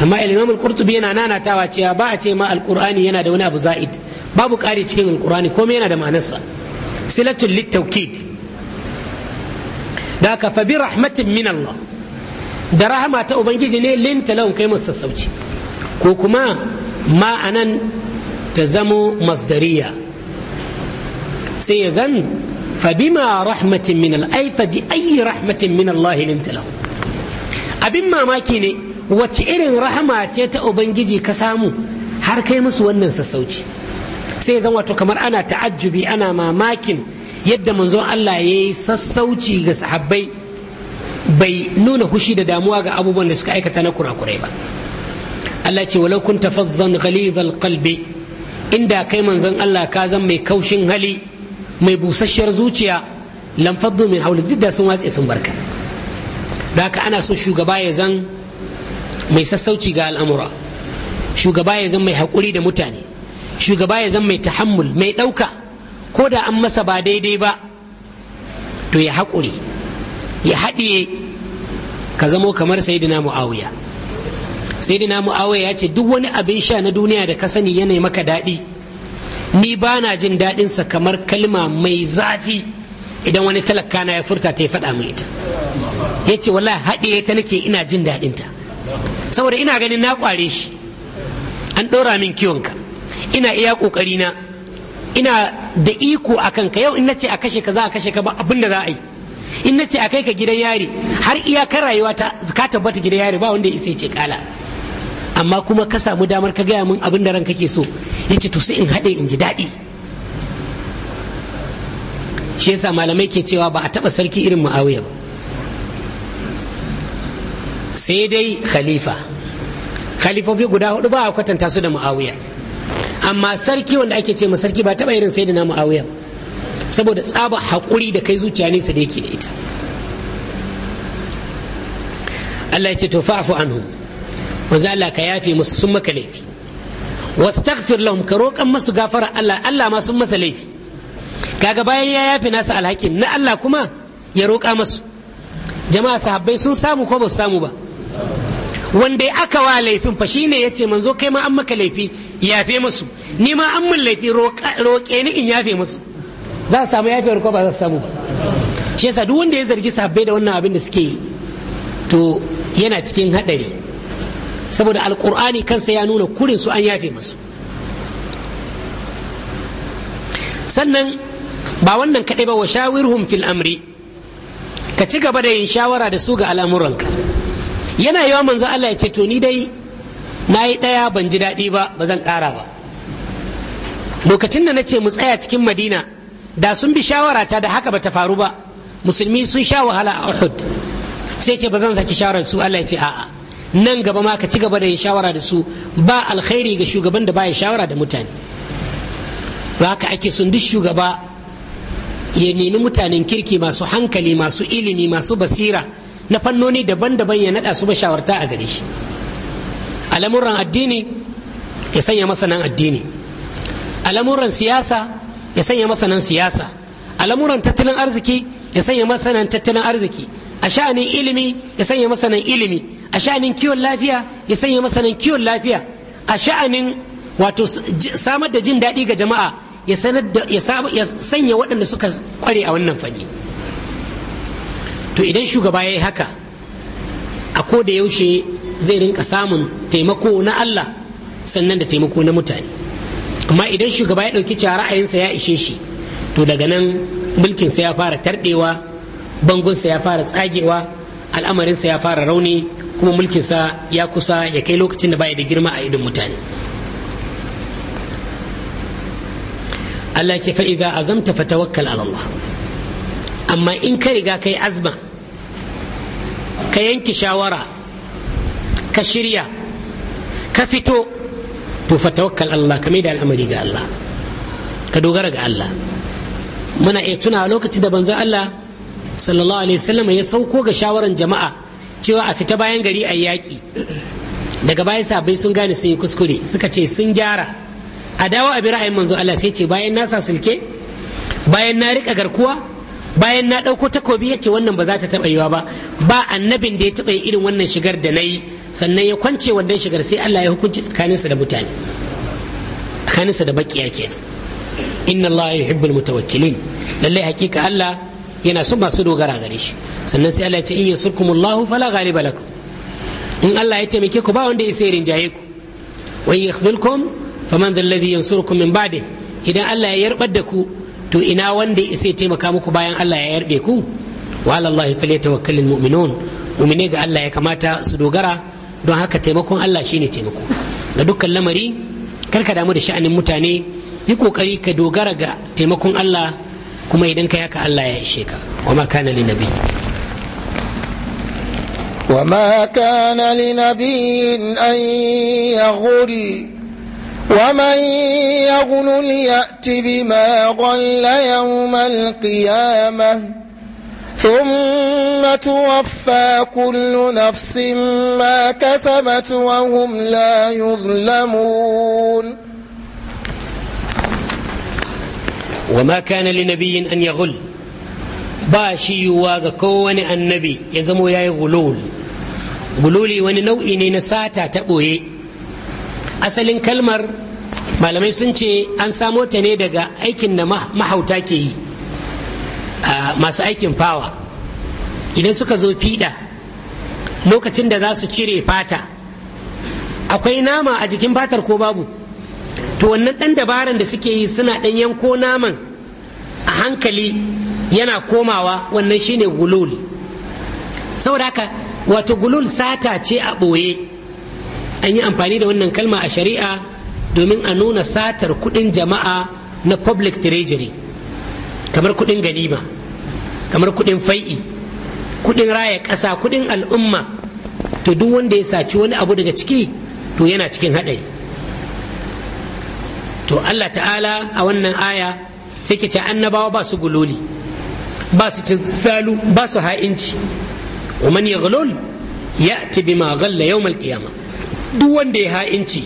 amma al-imam al-qurtubi yana nanatawa cewa ba a ce ma al-qur'ani yana da wani abu za'id babu ƙari cikin al-qur'ani komai yana da sa silatun littaukid da ka fabi rahmatin min Allah da rahama ta ubangiji ne linta lahum musu sassauci ko kuma ma anan ta zamo masdariya sai ya zan fabima rahmatin min ai fabi ayi rahmatin min Allah linta lahum abin mamaki ne wacce irin rahama ce ta ubangiji ka samu har kai musu wannan sassauci sai zan wato kamar ana ta'ajjubi ana mamakin yadda manzon Allah ya yi sassauci ga sahabbai bai nuna hushi da damuwa ga abubuwan da suka aikata na kurakurai ba Allah ce walau kun tafazzan ghalizal qalbi inda kai manzon Allah ka zan mai kaushin hali mai busasshiyar zuciya lam faddu min hawlik duk sun watse sun barka da haka ana so shugaba ya zan mai sassauci ga al'amura shugaba ya zan mai haƙuri da mutane shugaba ya zama mai tahammul mai ɗauka ko da an masa ba daidai ba to ya haƙuri ya haɗiye ka zamo kamar sayidina mu'awiya sayidina mu'awiya ya ce duk wani abin sha na duniya da ka sani yana maka daɗi ni ba na jin sa kamar kalma mai zafi idan wani talaka ya furta ta ya faɗa min ita ya ce wallahi haɗiye ta nake ina jin ta saboda ina ganin na kware shi an ɗora min kiwonka ina iya kokari na ina da iko akan ka yau in nace a kashe ka za a kashe ka ba abin da za a yi in nace a kai ka gidan yari har iyakar rayuwa ta ka tabbata gidan yari ba wanda ya isa ce kala amma kuma ka samu damar ka gaya min abin da ran kake so yace to sai in haɗe in ji daɗi shi yasa malamai ke cewa ba a taɓa sarki irin muawiya ba sai dai khalifa khalifofi guda hudu ba a kwatanta su da muawiya amma sarki wanda ake ce sarki ba taɓa irin sayyidina muawiya saboda tsaba haƙuri da kai zuciya ne nesa da yake da ita Allah ya ce to fa'fu anhum wa zalla ka yafe musu sun maka laifi wastaghfir lahum ka roƙan masu gafara Allah Allah ma sun masa laifi kaga bayan ya yafe nasu alhakin na Allah kuma ya roƙa masu jama'a sahabbai sun samu ko ba su samu ba wanda aka wa laifin fa shine yace manzo kai ma an maka laifi yafe musu ni ma an mun laifi roƙe ni in yafe musu za su samu yafewar ko ba za su samu shi yasa duk wanda ya zargi sabbai da wannan abin da suke yi to yana cikin haɗari saboda alƙur'ani kansa ya nuna kurin su an yafe musu sannan ba wannan kaɗai ba wa shawirhum fil amri ka ci gaba da yin shawara da su ga al'amuranka yana yawa manzo Allah ya ce to ni dai na yi ɗaya ban ji daɗi ba ba zan ƙara ba lokacin da na ce mu tsaya cikin madina da sun bi shawarata da haka ba ta faru ba musulmi sun sha wahala a uhud sai ce ba zan saki shawarar su allah ya ce a'a nan gaba ma ka ci gaba da yin shawara da su ba alkhairi ga shugaban da baya shawara da mutane ba haka ake sun duk shugaba ya nemi mutanen kirki masu hankali masu ilimi masu basira na fannoni daban-daban ya naɗa su ba shawarta a gare shi al'amuran addini ya sanya masanan addini al'amuran siyasa ya sanya masanan siyasa al'amuran tattalin arziki ya sanya masanan tattalin arziki a sha'anin ilimi ya sanya masanan ilimi a sha'anin kiwon lafiya ya sanya masanan kiwon lafiya a sha'anin wato samar da jin daɗi ga jama'a ya sanya waɗanda suka kware a wannan fanni to idan shugaba ya yi haka a ko da yaushe zai rinka samun taimako na Allah sannan da taimako na mutane amma idan shugaba ya ɗauki cewa ra'ayinsa ya ishe shi to daga nan mulkinsa ya fara tarɗewa bangonsa ya fara tsagewa al'amarinsa ya fara rauni kuma mulkin sa ya kusa ya kai lokacin da baya da girma a idon mutane Allah ce fa idza azamta tawakkal ala Allah amma in ka riga kai azma ka yanke shawara ka shirya ka fito to fa tawakkal Allah ka mai da al'amari ga Allah ka dogara ga Allah muna iya tuna lokacin da banzan Allah sallallahu alaihi wasallam ya sauko ga shawaran jama'a cewa a fita bayan gari a yaƙi daga baya sabai sun gane sun yi kuskure suka ce sun gyara a dawo a bi ra'ayin manzo Allah sai ce bayan na sasulke bayan na riƙa garkuwa bayan na ɗauko takobi ya ce wannan ba za ta taɓa yiwa ba ba annabin da ya taɓa yi irin wannan shigar da na yi sannan ya kwance wannan shigar sai Allah ya hukunci tsakaninsa da mutane tsakaninsa da bakiya kenan inna Allah yuhibbul mutawakkilin lallai hakika Allah yana son masu dogara gare shi sannan sai Allah ya ce in yasurkumullahu fala ghaliba lakum in Allah ya taimake ku ba wanda ya sai rinjaye ku wa yakhzulkum faman dhal ladhi yansurukum min ba'di idan Allah ya yarbar da ku to ina wanda ya sai taimaka muku bayan Allah ya yarbe ku wa ala Allah falyatawakkalul mu'minun mu'mine ga Allah ya kamata su dogara don haka taimakon Allah shine taimako ga dukkan lamari kar ka damu da sha'anin mutane yi kokari ka dogara ga taimakon Allah kuma idan ka yaka Allah ya ishe ka wa ma kana li nabi wa ma kana li nabiyyin an yaghul ومن يغل يأت بما غل ثم توفى كل نفس ما كسبت وهم لا يظلمون وما كان لنبي أن يغل باشي يواغ كون النبي يزمو ياي غلول غلولي wani nau'i ne na sata ta ɓoye asalin kalmar malamai sun ce an samo ta ne daga aikin da mahauta ke yi masu aikin fawa idan suka zo fiɗa lokacin da za su cire fata akwai nama a jikin fatar ko babu to wannan ɗan dabaran da suke yi suna ɗan yanko naman a hankali yana komawa wannan shine gulul saboda haka wato gulul sata ce a ɓoye an yi amfani da wannan kalma a shari'a domin a nuna satar kuɗin jama'a na public treasury kamar kudin ganima kamar kudin fai'i kudin raya ƙasa kudin al'umma to duk wanda ya saci wani abu daga ciki to yana cikin haɗari to Allah ta'ala a wannan aya sai ke ce annabawa ba su guloli ba su cin salu ba su ha'inci ومن يغلل يأتي بما غل يوم القيامة duk wanda ya ha'inci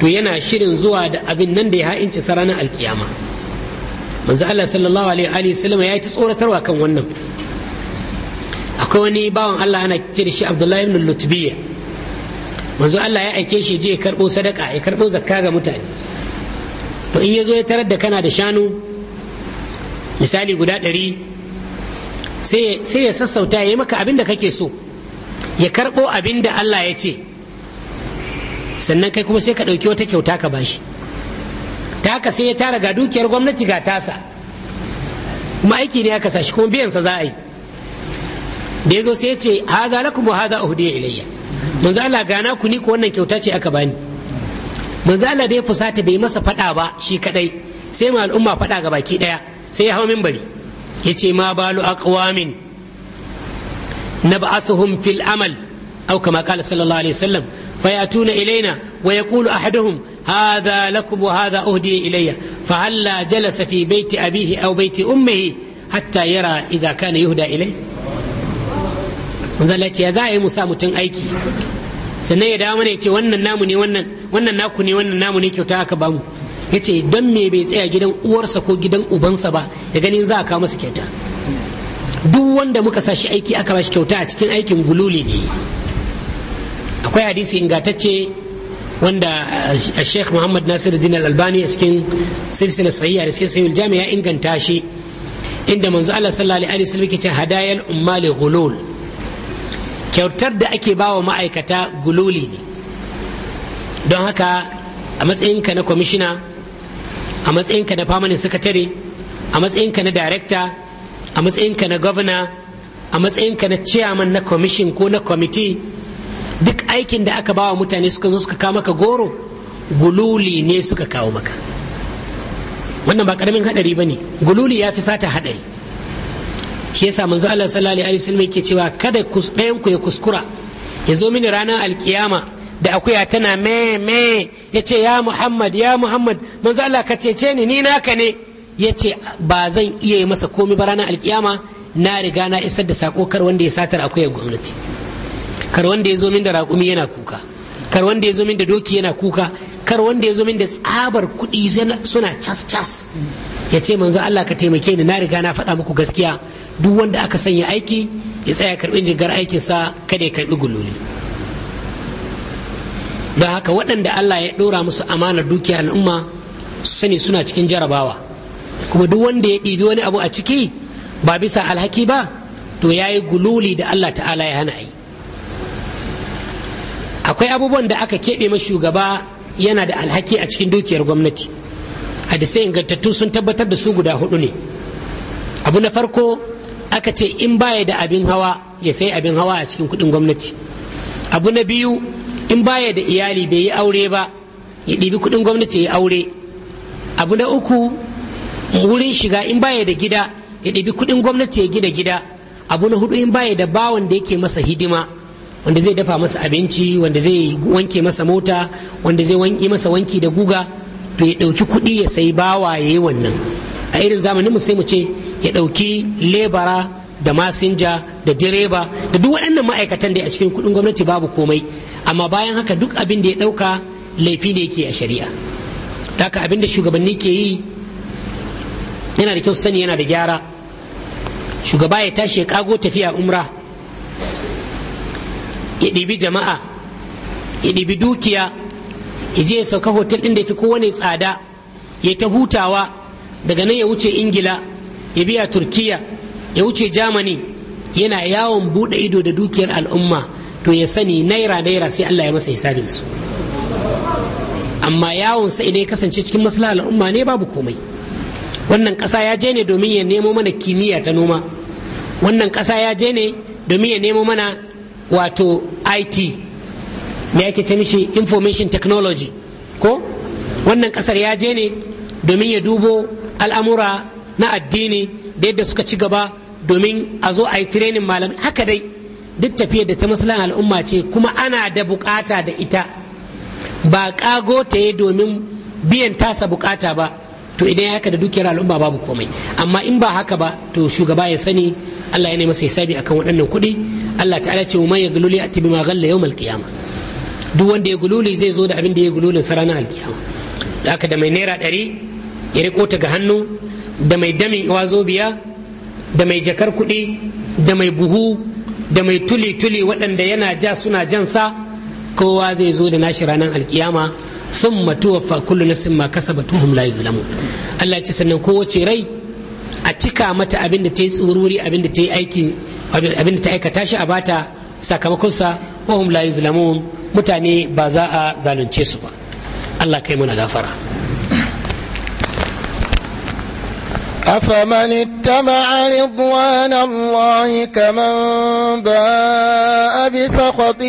to yana shirin zuwa da abin nan da ya ha'inci sarana alkiyama manzo Allah sallallahu alaihi wa sallam yayi ta tsoratarwa kan wannan akwai wani bawan Allah ana kira da shi Abdullahi ibn Lutbiya manzo Allah ya aike shi je ya karbo sadaka ya karbo zakka ga mutane to in yazo ya tarar da kana da shanu misali guda ɗari sai ya sassauta ya yi maka abin da kake so ya karɓo abin da Allah ya ce sannan kai kuma sai ka ɗauki wata kyauta ka bashi ta haka sai ya tara ga dukiyar gwamnati ga tasa kuma aiki ne aka sashi kuma sa za a yi da ya zo sai ya ce haza lakum wa haza uhdiya ilayya manzo Allah gana ku ni ko wannan kyauta ce aka bani manzo Allah da ya fusata bai masa fada ba shi kadai sai ma al'umma fada ga baki daya sai ya hawo minbari yace ma balu aqwamin nab'athuhum fil amal aw kama qala sallallahu alaihi wasallam fayatuna ilaina wa kulu ahaduhum هذا لكم وهذا أهدي إلي فهلا جلس في بيت أبيه أو بيت أمه حتى يرى إذا كان يهدى إليه manzan ya za a yi musa mutum aiki sannan ya dawo mana ya ce wannan namu ne wannan naku ne wannan namu ne kyauta aka bamu ya ce don me bai tsaya gidan uwarsa ko gidan ubansa ba ya gani za a kawo masa kyauta duk wanda muka sa shi aiki aka ba shi kyauta a cikin aikin gululi ne akwai hadisi ingantacce wanda a eh, Sheikh Muhammad Nasiruddin Al-Albani a cikin silsila sahiha da sai sahihul jamia inganta shi inda manzu Allah sallallahu alaihi wasallam yake hadayar hadayal ummali ghulul kyautar da ake bawa ma'aikata gululi ne don haka a matsayinka na kwamishina a matsayinka na famanin sakatare a matsayinka na darekta a matsayinka na gwamna a matsayinka na ciyaman na kwamishin ko na kwamiti duk aikin da aka bawa mutane suka zo suka kawo maka goro gululi ne suka kawo maka wannan ba karamin hadari ba ne gululi ya fi sata hadari shi yasa manzo Allah sallallahu alaihi wasallam yake cewa kada ɗayan ku ya kuskura ya zo mini ranar alkiyama da akuya tana me me ya ce ya muhammad ya muhammad manzo Allah ka cece ni ni naka ne Yace ba zan iya yi masa komai ba ranar alkiyama na riga na isar da sako kar wanda ya satar akuya gwamnati kar wanda ya zo min da raƙumi yana kuka kar wanda ya zo min da doki yana kuka kar wanda ya zo min da tsabar kuɗi suna cas cas ya ce manzo Allah ka taimake ni na riga na faɗa muku gaskiya duk wanda aka sanya aiki ya tsaya karɓin jigar aikin sa kada ya karɓi gululi don haka waɗanda Allah ya ɗora musu amanar dukiya al'umma su sani suna cikin jarabawa kuma duk wanda ya ɗibi wani abu a ciki ba bisa alhaki ba to ya yi gululi da Allah ta'ala ya hana yi akwai abubuwan da aka keɓe ma shugaba yana da alhaki a cikin dukiyar gwamnati hadisai ingantattu sun tabbatar da su guda hudu ne abu na farko aka ce in baya da abin hawa ya sai abin hawa a cikin kudin gwamnati abu na biyu in baya da iyali bai yi aure ba ya ɗibi kudin gwamnati ya aure abu na uku wurin shiga in baya da gida ya ɗibi kudin gwamnati ya gida gida abu na hudu in baya da bawan da yake masa hidima wanda zai dafa masa abinci wanda zai wanke masa mota wanda zai yi masa wanki da guga to ya ɗauki kuɗi ya sai bawa ya yi wannan a irin zamanin mu sai mu ce ya ɗauki lebara da masinja da direba da duk waɗannan ma'aikatan da a cikin kuɗin gwamnati babu komai amma bayan haka duk abin da ya ɗauka laifi ne yake a shari'a haka abin da shugabanni ke yi yana da kyau sani yana da gyara shugaba ya tashi ya kago tafiya umra ya ɗibi jama'a ya ɗibi dukiya ya je ya sauka hotel ɗin da fi kowane tsada ya ta hutawa daga nan ya wuce ingila ya biya turkiya ya wuce germany yana yawon buɗe ido da dukiyar al'umma to ya sani naira naira sai allah ya masa hisabinsu. amma yawon sa idan ya kasance cikin masala al'umma ne babu komai wannan kasa ya je ne domin ya nemo mana kimiyya ta noma wannan ƙasa ya je ne domin ya nemo mana wato IT me ake ce mishi information technology ko wannan kasar ya je ne domin ya dubo al'amura na addini da yadda suka ci gaba domin a zo a yi tirenin malamai haka dai duk tafiyar da ta musulun al'umma ce kuma ana da bukata da ita ba kago ta yi domin biyan tasa bukata ba to idan haka da dukiyar al'umma babu komai amma in ba haka ba to shugaba ya sani allah ya masa sabi akan waɗannan kuɗi Allah ta'ala ce wa man ya gululi ati bima ghalla yawmal qiyamah duk wanda ya gululi zai zo da abin da ya gululi sarana alkiyama da aka da mai naira ɗari ya riko ta ga hannu da mai damin iwazo biya da mai jakar kuɗi da mai buhu da mai tuli-tuli waɗanda yana ja suna jan sa kowa zai zo da nashi ranar alkiyama sun matuwa fa kullu nafsin ma kasaba tuhum la yuzlamu Allah ce sannan kowace rai a cika mata abin da ta yi tsururi abin da ta yi aiki abin da ta aikata shi a bata sakamakonsa wa hum la yuzlamun mutane ba za a zalunce su ba Allah kai muna gafara أفمن اتبع رضوان الله كمن باء بسخط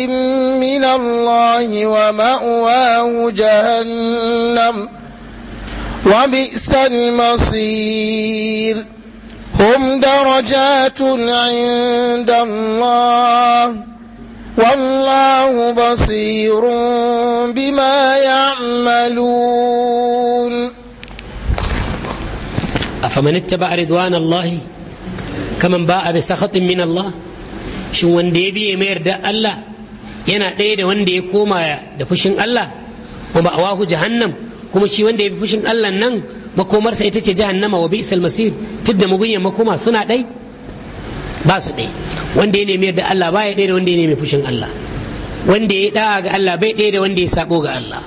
من الله ومأواه جهنم وبئس المصير هم درجات عند الله والله بصير بما يعملون أفمن اتبع رضوان الله كمن باء بسخط من الله شو وندي بي مير الله ينا ديد وندي كوما دفشن الله ومأواه جهنم kuma shi wanda ya fi fushin Allah nan makomarsa ita ce jahannama wa bi'sal masir tudda mugunyan makoma suna dai ba su ɗai wanda ya nemi yadda Allah ba ya ɗaya da wanda ya nemi fushin Allah wanda ya da'a ga Allah bai ɗaya da wanda ya sako ga Allah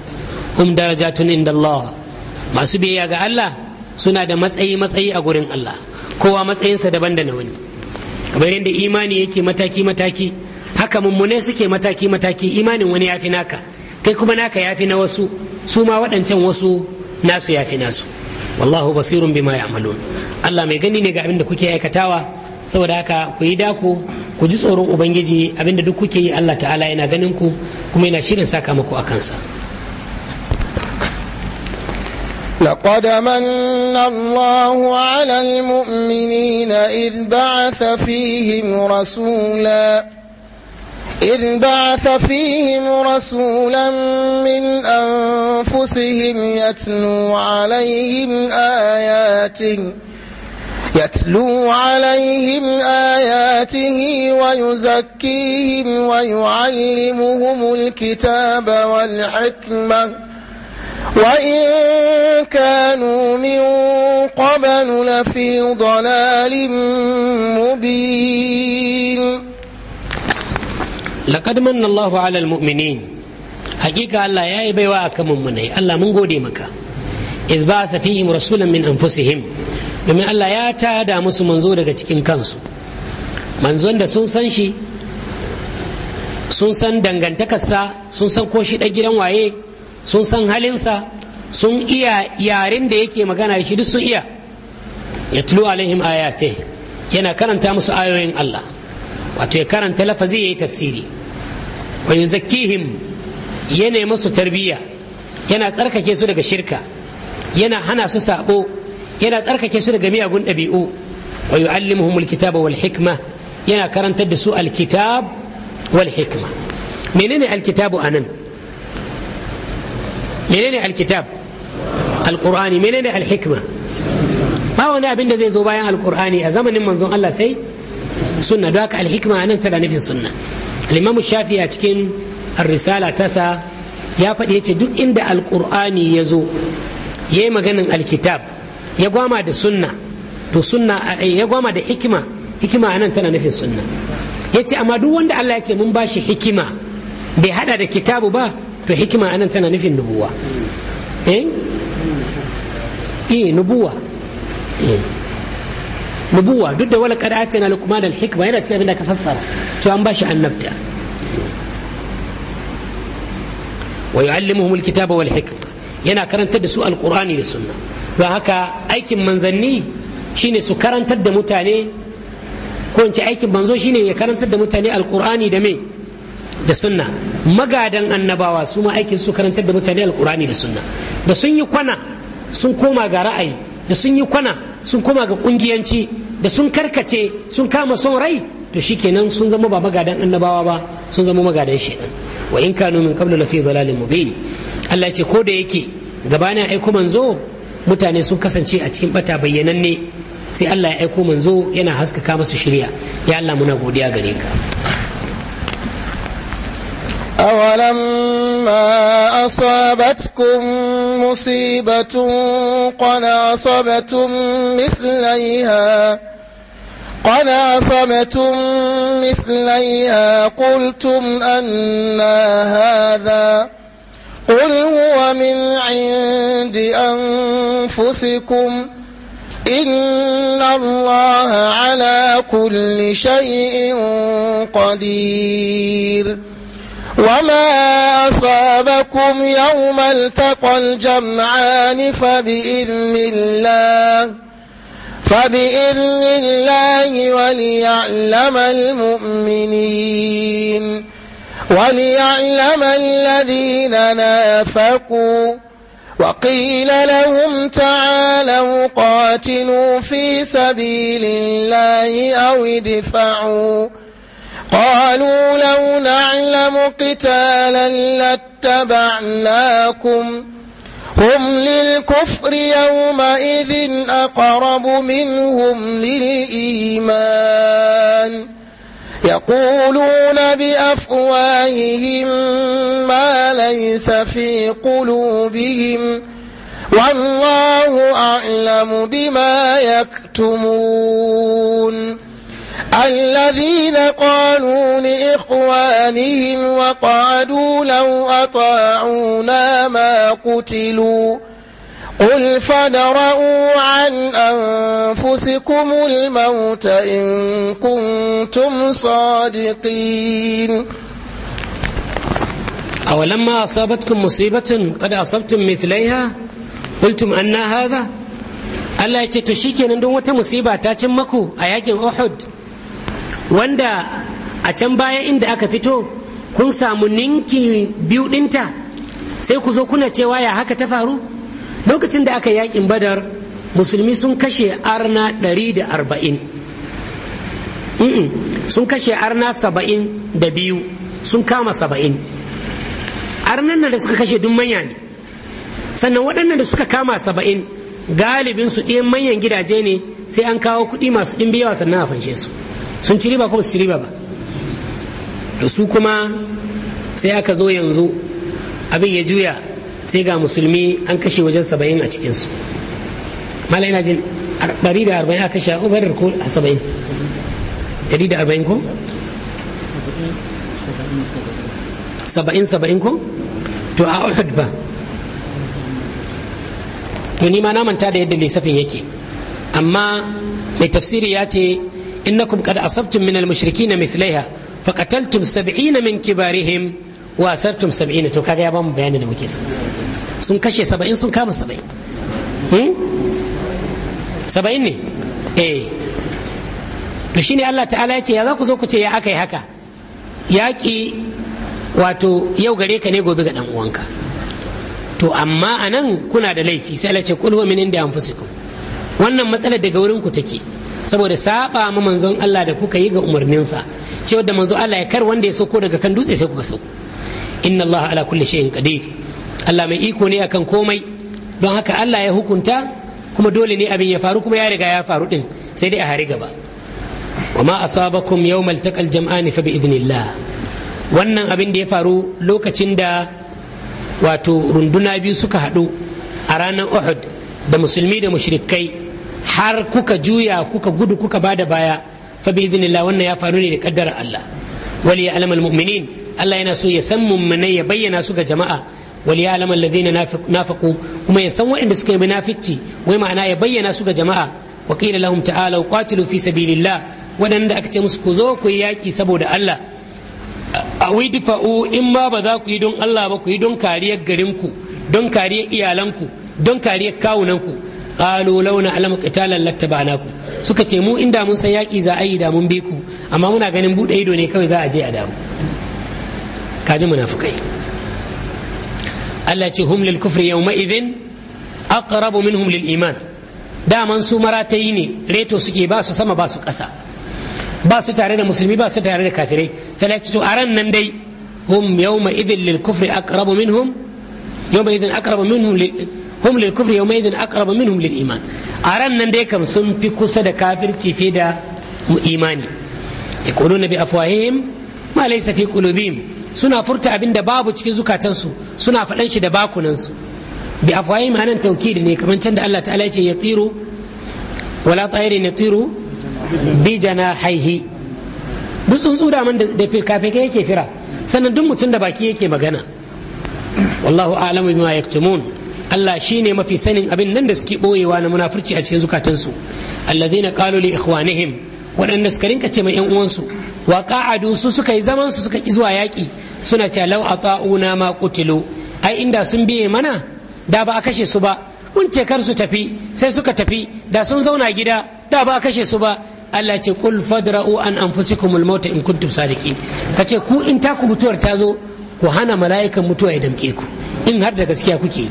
hum darajatun inda Allah masu biyayya ga Allah suna da matsayi matsayi a gurin Allah kowa matsayinsa daban da na wani kamar yadda imani yake mataki mataki haka mummune suke mataki mataki imanin wani ya fi naka kai kuma naka ya fi na wasu su ma waɗancan wasu nasu ya fi nasu wallahu basirun bima ya'malun Allah mai gani ne ga abin da kuke aikatawa saboda haka ku yi dako ku ji tsoron ubangiji abin da duk kuke yi Allah ta'ala yana ganin ku kuma yana shirin saka muku a kansa لقد من الله على المؤمنين إذ بعث فيهم رسولاً إذ بعث فيهم رسولا من أنفسهم يتلو عليهم آياته يتلو عليهم آياته ويزكيهم ويعلمهم الكتاب والحكمة وإن كانوا من قبل لفي ضلال مبين laƙad manna Allahu 'alal mu'minin haƙiƙa Allah ya yi baiwa a kan mummunai Allah mun gode maka iz ba sa fihim rasulan min anfusihim domin Allah ya tada musu manzo daga cikin kansu manzon da sun san shi sun san dangantakarsa sun san ko shi ɗan gidan waye sun san halinsa sun iya yarin da yake magana da shi duk sun iya ya tulu alaihim ayate yana karanta musu ayoyin Allah wato ya karanta lafazi ya yi tafsiri wa yuzakkihim yana masu tarbiyya yana tsarkake su daga shirka yana hana su sabo yana tsarkake su daga miyagun ɗabi'u wa yu'allimuhum alkitaba wal hikma yana karantar da su alkitab wal hikma menene alkitabu anan menene alkitab alqur'ani menene alhikma ba wani abin da zai zo bayan alqur'ani a zamanin manzon Allah sai sunna don haka alhikma nan tana nufin sunna limamu shafi a cikin risala tasa ya faɗi ya ce duk inda alƙur'ani ya zo ya yi maganin alkitab ya gwama da sunna to sunna ya gwama da hikima hikima nan tana nufin sunna ya ce amma duk wanda Allah ya ce mun ba shi hikima bai hada da kitabu ba to hikima nan tana nufin nubuwa eh eh nubuwa eh nubuwa duk da wala kad atina luqman al hikma yana cikin abin da ka fassara to an bashi annabta wa yu'allimuhum al kitaba wal hikma yana karantar da su alqur'ani da sunna don haka aikin manzanni shine su karantar da mutane ko in aikin manzo shine ya karantar da mutane alqur'ani da me da sunna magadan annabawa su ma aikin su karantar da mutane alqur'ani da sunna da sun yi kwana sun koma ga ra'ayi da sun yi kwana sun koma ga kungiyanci da sun karkace sun kama son rai to shikenan sun zama ba magadan annabawa ba sun zama magadan shaitan wa in kanu min qablu fi dhalalin mubin Allah ya ce ko da yake gabanin aiko manzo mutane sun kasance a cikin bata bayyananne sai Allah ya aiko manzo yana haskaka masu shirya ya Allah muna godiya gare ka أولما أصابتكم مصيبة قد أصبتم مثليها قد عصمتم مثليها قلتم أنا هذا قل هو من عند أنفسكم إن الله على كل شيء قدير وما أصابكم يوم التقى الجمعان فبإذن الله فبإذن الله وليعلم المؤمنين وليعلم الذين نافقوا وقيل لهم تعالوا قاتلوا في سبيل الله أو ادفعوا قالوا لو نعلم قتالا لاتبعناكم هم للكفر يومئذ أقرب منهم للإيمان يقولون بأفواههم ما ليس في قلوبهم والله أعلم بما يكتمون الذين قالوا لإخوانهم وقعدوا لو أطاعونا ما قتلوا قل فدرؤوا عن أنفسكم الموت إن كنتم صادقين أولما أصابتكم مصيبة قد أصبتم مثليها قلتم أن هذا ألا يتشيكي أن دون مصيبة تاتم مكو أياجم أحد wanda a can baya inda aka fito kun samu ninki biyu dinta sai ku zo kuna cewa ya haka ta faru lokacin da aka yakin badar musulmi sun kashe arna 140 sun kashe arna da biyu sun kama 70 arnan da suka kashe duk manya ne sannan waɗannan da suka kama saba'in galibin su manyan gidaje ne sai an kawo kuɗi masu ɗin biyawa sannan a fanshe su sun ci riba ko su ci riba ba to su kuma sai aka zo yanzu abin ya juya sai ga musulmi an kashe wajen saba'in a cikinsu mala ina jin ɗari da arba'in a kashe ubar ko a saba'in ɗari da arba'in ko saba'in saba'in ko to a uhud ba to ni ma na manta da yadda lissafin yake amma mai tafsiri ya ce إنكم قد أصبتم من المشركين مثليها فقتلتم سبعين من كبارهم وأسرتم سبعين تو كاجا بام بيان da muke sun kashe saba'in sun kama saba'in saba'in ne eh to shine Allah ta'ala ya ce ya za ku zo ku ce ya aka yi haka yaƙi wato yau gare ka ne gobe ga ɗan uwanka to amma anan kuna da laifi sai Allah ce kul min inda anfusikum wannan matsalar daga wurin ku take saboda saba ma manzon Allah da kuka yi ga umarninsa cewa da manzo Allah ya kar wanda ya sauko daga kan dutse sai kuka sauko inna Allah ala kulli shay'in qadir Allah mai iko ne akan komai don haka Allah ya hukunta kuma dole ne abin ya faru kuma ya riga ya faru din sai dai a hari gaba wa ma asabakum yawmal taqal jam'an fa bi idnillah wannan abin da ya faru lokacin da wato runduna biyu suka haɗu a ranar Uhud da musulmi da mushrikai har kuka juya kuka gudu kuka ba da baya fa bi idhnillah wannan ya faru ne da kaddara Allah wali ya'lamu almu'minin Allah yana so ya san muminai ya bayyana su ga jama'a wali ya'lamu alladhina nafaqu kuma ya san waɗanda suka yi munafici wai ma'ana ya bayyana su ga jama'a wa qila lahum ta'alu qatilu fi sabilillah waɗanda aka ce musu ku zo ku yi yaki saboda Allah a wai difa'u in ma ba za ku yi don Allah ba ku yi don kariyar garinku don kariyar iyalanku don kariyar kawunanku qalu law na'lamu qitalan lattaba'nakum suka ce mu inda mun san yaki za a yi da mun bi ku amma muna ganin bude ido ne kawai za a je a dawo kaji munafikai Allah ce hum lil kufri yawma idhin aqrabu minhum lil iman daman su maratayi ne reto suke ba su sama ba su ƙasa ba su tare da musulmi ba su tare da kafirai sai to a ran nan dai hum yawma idhin lil kufri aqrabu minhum yawma idhin aqrabu minhum hum lil kufri yawmaidin aqrabu minhum lil iman a ran nan dai kam sun fi kusa da kafirci fi da imani yaquluna bi afwahihim ma laysa fi qulubihim suna furta abin da babu cikin zukatansu suna faɗan shi da bakunansu bi afwahihim anan tawkid ne kamar can da Allah ta'ala ya ce yatiru wala ta'irin yatiru bi janahihi duk tsuntsu da man kafin kai yake fira sannan duk mutum da baki yake magana wallahu a'lamu bima yaktumun Allah shine mafi sanin abin nan da suke ɓoyewa na munafurci a cikin zukatansu allazina qalu li ikhwanihim waɗanda suka rinka ce mai yan uwansu wa qa'adu su suka yi zaman su suka ki zuwa yaƙi, suna cewa law ata'una ma qutilu ai inda sun biye mana da ba a kashe su ba mun ce kar su tafi sai suka tafi da sun zauna gida da ba a kashe su ba Allah ce kul fadra'u an anfusikumul mauta in kuntum sadiqin kace ku in taku mutuwar ta zo ku hana mala'ikan mutuwa ya damke ku in har da gaskiya kuke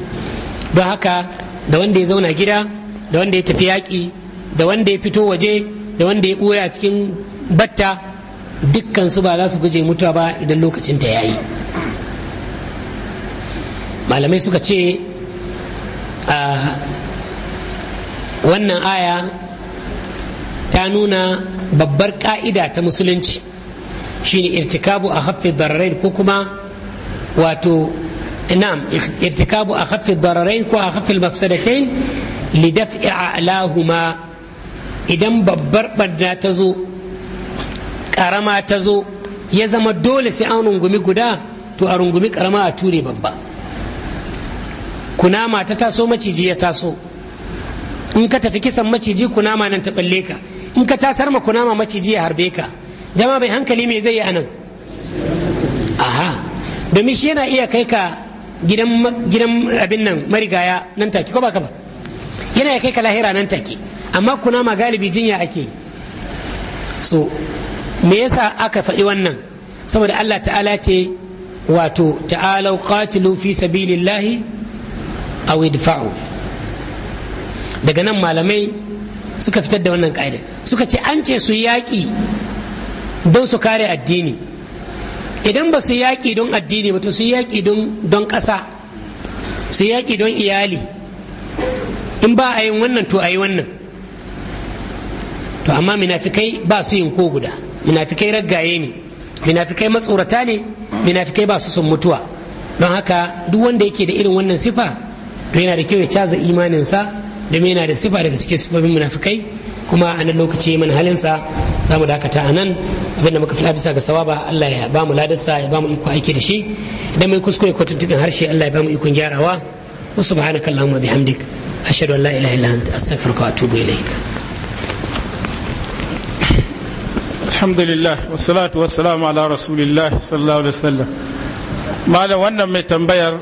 don haka da wanda ya zauna gida da wanda ya tafi yaƙi da wanda ya fito waje da wanda ya ɓoye a cikin batta dukkan su ba za su guje mutuwa ba idan lokacin ta yayi malamai suka ce a wannan aya ta nuna babbar ka'ida ta musulunci shine irtikabu a haffi ko kuma wato na'am irtikabu akhaffi dararain ko akhaffi mafsadatain lidaf'i a'lahuma idan babbar barna ta zo karama ta zo ya zama dole sai an rungumi guda to a rungumi karama a ture babba kunama ta taso maciji ya taso in ka tafi kisan maciji kunama nan ta balle ka in ka tasar kunama maciji ya harbe ka jama bai hankali me zai yi anan aha domin shi yana iya kai ka gidan abin nan marigaya nan take ko ba ka ba yana kai ka lahira nan take amma kuna ma galibi jinya ake so me yasa aka faɗi wannan saboda Allah ta'ala ce wato ta'alau qatilu fi sabilillahi aw idfa'u daga nan malamai suka fitar da wannan ka'ida suka ce an ce su yaƙi don su kare addini idan ba su yaƙi don addini ba to su yaƙi don ƙasa su yaƙi don iyali in ba a yin wannan to a yi wannan to amma minafikai ba su yin ko guda minafikai raggaye ne minafikai matsorata ne minafikai ba su son mutuwa don haka duk wanda yake da irin wannan sifa to yana da kyau ya caza imaninsa domin yana da sifa daga cikin sifofin munafikai kuma a nan lokaci man halinsa za mu dakata a nan abinda muka fi bisa ga sawaba Allah ya ba mu ladarsa ya ba mu iko aiki da shi idan mai kuskure ko tuntuɓin harshe Allah ya ba mu ikon gyarawa wa subhanaka allahumma bihamdik ashhadu an la ilaha illa anta astaghfiruka wa atubu ilaik alhamdulillah wassalatu wassalamu ala rasulillah sallallahu alaihi wasallam malam wannan mai tambayar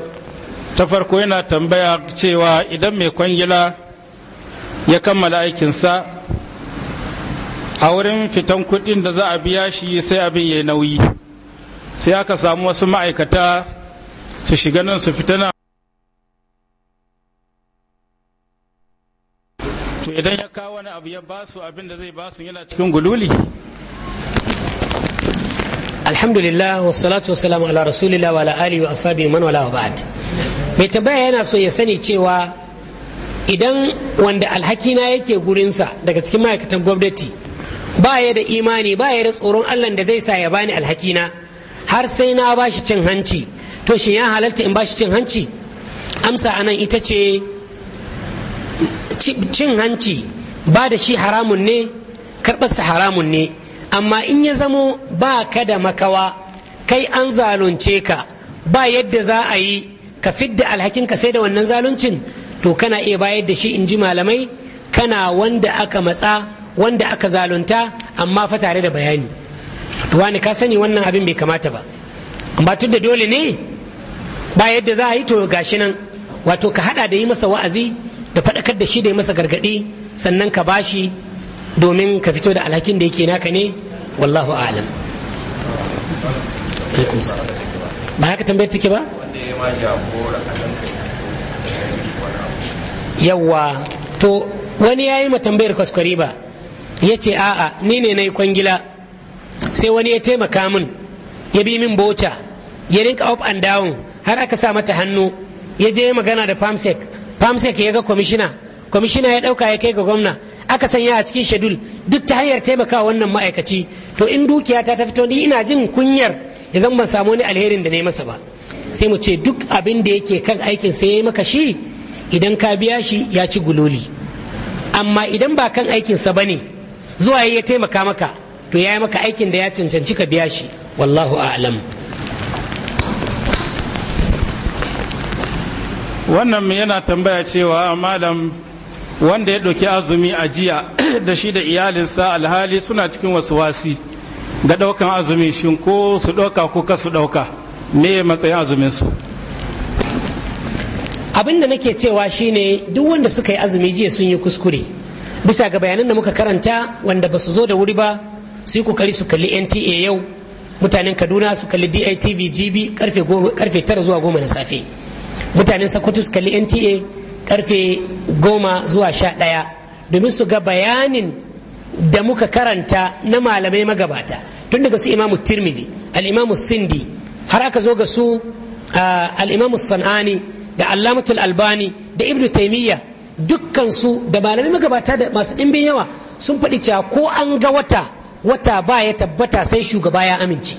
ta farko yana tambaya cewa idan mai kwangila ya kammala aikinsa a wurin fitan kudin da za a biya shi sai abin ya nauyi sai aka samu wasu ma'aikata su shiga nan su fita nan to idan ya kawo wani abu ya basu abin da zai basu yana cikin gululi alhamdulillah wassalatu wassalamu ala rasulillah wa ala alihi wa ashabihi man wala wa ba'd mai tambaya yana so ya sani cewa idan wanda alhakina yake gurinsa daga cikin ma'aikatan gwamnati ba ya da imani ba ya da tsoron allah da zai sa ya bani alhakina har sai na ba shi cin hanci to shi ya halarta in ba shi cin hanci amsa anan ita ce cin hanci ba da shi haramun ne karɓarsa haramun ne amma in ya zamo ba ka da makawa kai an zalunce ka ba yadda za a yi ka fidda alhakinka sai da wannan zaluncin to kana iya bayar da shi in ji malamai kana wanda aka matsa wanda aka zalunta amma fa tare da bayani to wani ka sani wannan abin bai kamata ba amma tun da dole ne ba yadda za a yi to gashi nan wato ka hada da yi masa wa'azi da faɗakar da shi da yi masa gargadi sannan ka bashi domin ka fito da alhakin da yake naka ne wallahu alam ba haka tambayar take ba yawa to wani ya yi tambayar kwaskwari ba ya ce a'a ni ne na yi kwangila sai wani ya taimaka min ya bi min boca ya rinka up and down har aka sa mata hannu ya je magana da famsec famsec ya ga kwamishina kwamishina ya ɗauka ya kai ga gwamna aka sanya a cikin shadul duk ta hanyar taimakawa wannan ma'aikaci to in dukiya ta fito ni ina jin kunyar ya zan ban samu wani alherin da na yi masa ba sai mu ce duk abin da yake kan aikin sai ya yi maka shi idan ka biya shi ya ci guloli amma idan ba kan aikinsa ba ne zuwa ya taimaka maka to ya yi maka aikin da ya cancanci ka biya shi wallahu a'lam wannan yana tambaya cewa malam wanda ya ɗauki azumi a jiya da shi da iyalinsa alhali suna cikin wasu wasi ga ɗaukan azumi shin ko su ɗauka ko ka su ɗauka me matsayin azuminsu abin da nake cewa shine duk wanda suka yi azumi jiya sun yi kuskure bisa ga bayanan da muka karanta wanda ba su zo da wuri ba su yi kokari su kalli nta yau mutanen kaduna su kalli ditv gb karfe tara zuwa goma na safe mutanen sokoto su kalli nta karfe goma zuwa sha ɗaya domin su ga bayanin da muka karanta na malamai magabata tun daga su imamu tirmidhi al'imamu sindi har aka zo ga su ah, al'imamu san'ani da allamatul albani da ibnu taimiyya dukkansu da malamai magabata da masu ɗimbin yawa sun faɗi cewa ko an ga wata wata ba ya tabbata sai shugaba ya amince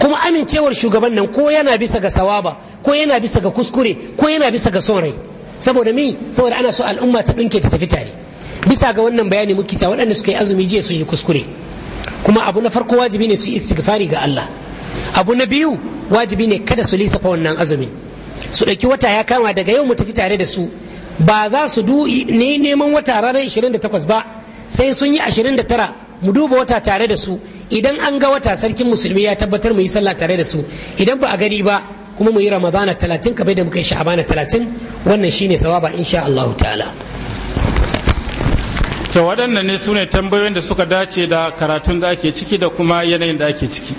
kuma amincewar shugaban nan ko yana bisa ga sawaba ko yana bisa ga kuskure ko yana bisa ga son rai saboda mi saboda ana so al'umma ta ɗinke ta tafi tare bisa ga wannan bayani muke cewa waɗanda suka yi azumi jiya sun yi kuskure kuma abu na farko wajibi ne su yi istighfari ga Allah abu na biyu wajibi ne kada su lissafa wannan azumin su ɗauki wata ya kama daga yau mu tafi tare da su ba za su du ne neman wata ranar 28 ba sai sun yi tara mu duba wata tare da su idan an ga wata sarkin musulmi ya tabbatar mu yi sallah tare da su idan ba a gani ba kuma mu yi ramadana 30 kamar da muka yi sha'abana 30 wannan shine sawaba insha Allah ta'ala to waɗannan ne sune tambayoyin da suka dace da karatun da ake ciki da kuma yanayin da ake ciki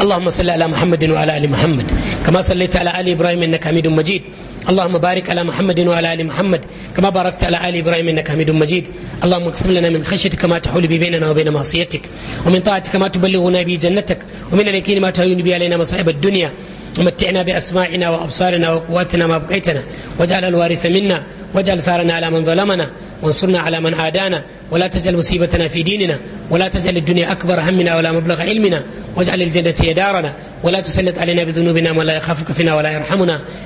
اللهم صل على محمد وعلى ال muhammad. كما صليت على آل إبراهيم إنك حميد مجيد اللهم بارك على محمد وعلى ال محمد كما باركت على ال ابراهيم انك حميد مجيد اللهم اقسم لنا من خشيتك ما تحول به بيننا وبين معصيتك ومن طاعتك ما تبلغنا به جنتك ومن اليقين ما تعين به علينا مصائب الدنيا ومتعنا باسماعنا وابصارنا وقواتنا ما بقيتنا واجعل الوارث منا واجعل ثارنا على من ظلمنا وانصرنا على من عادانا ولا تجعل مصيبتنا في ديننا ولا تجعل الدنيا أكبر همنا ولا مبلغ علمنا واجعل الجنة هي دارنا ولا تسلط علينا بذنوبنا ولا يخافك فينا ولا يرحمنا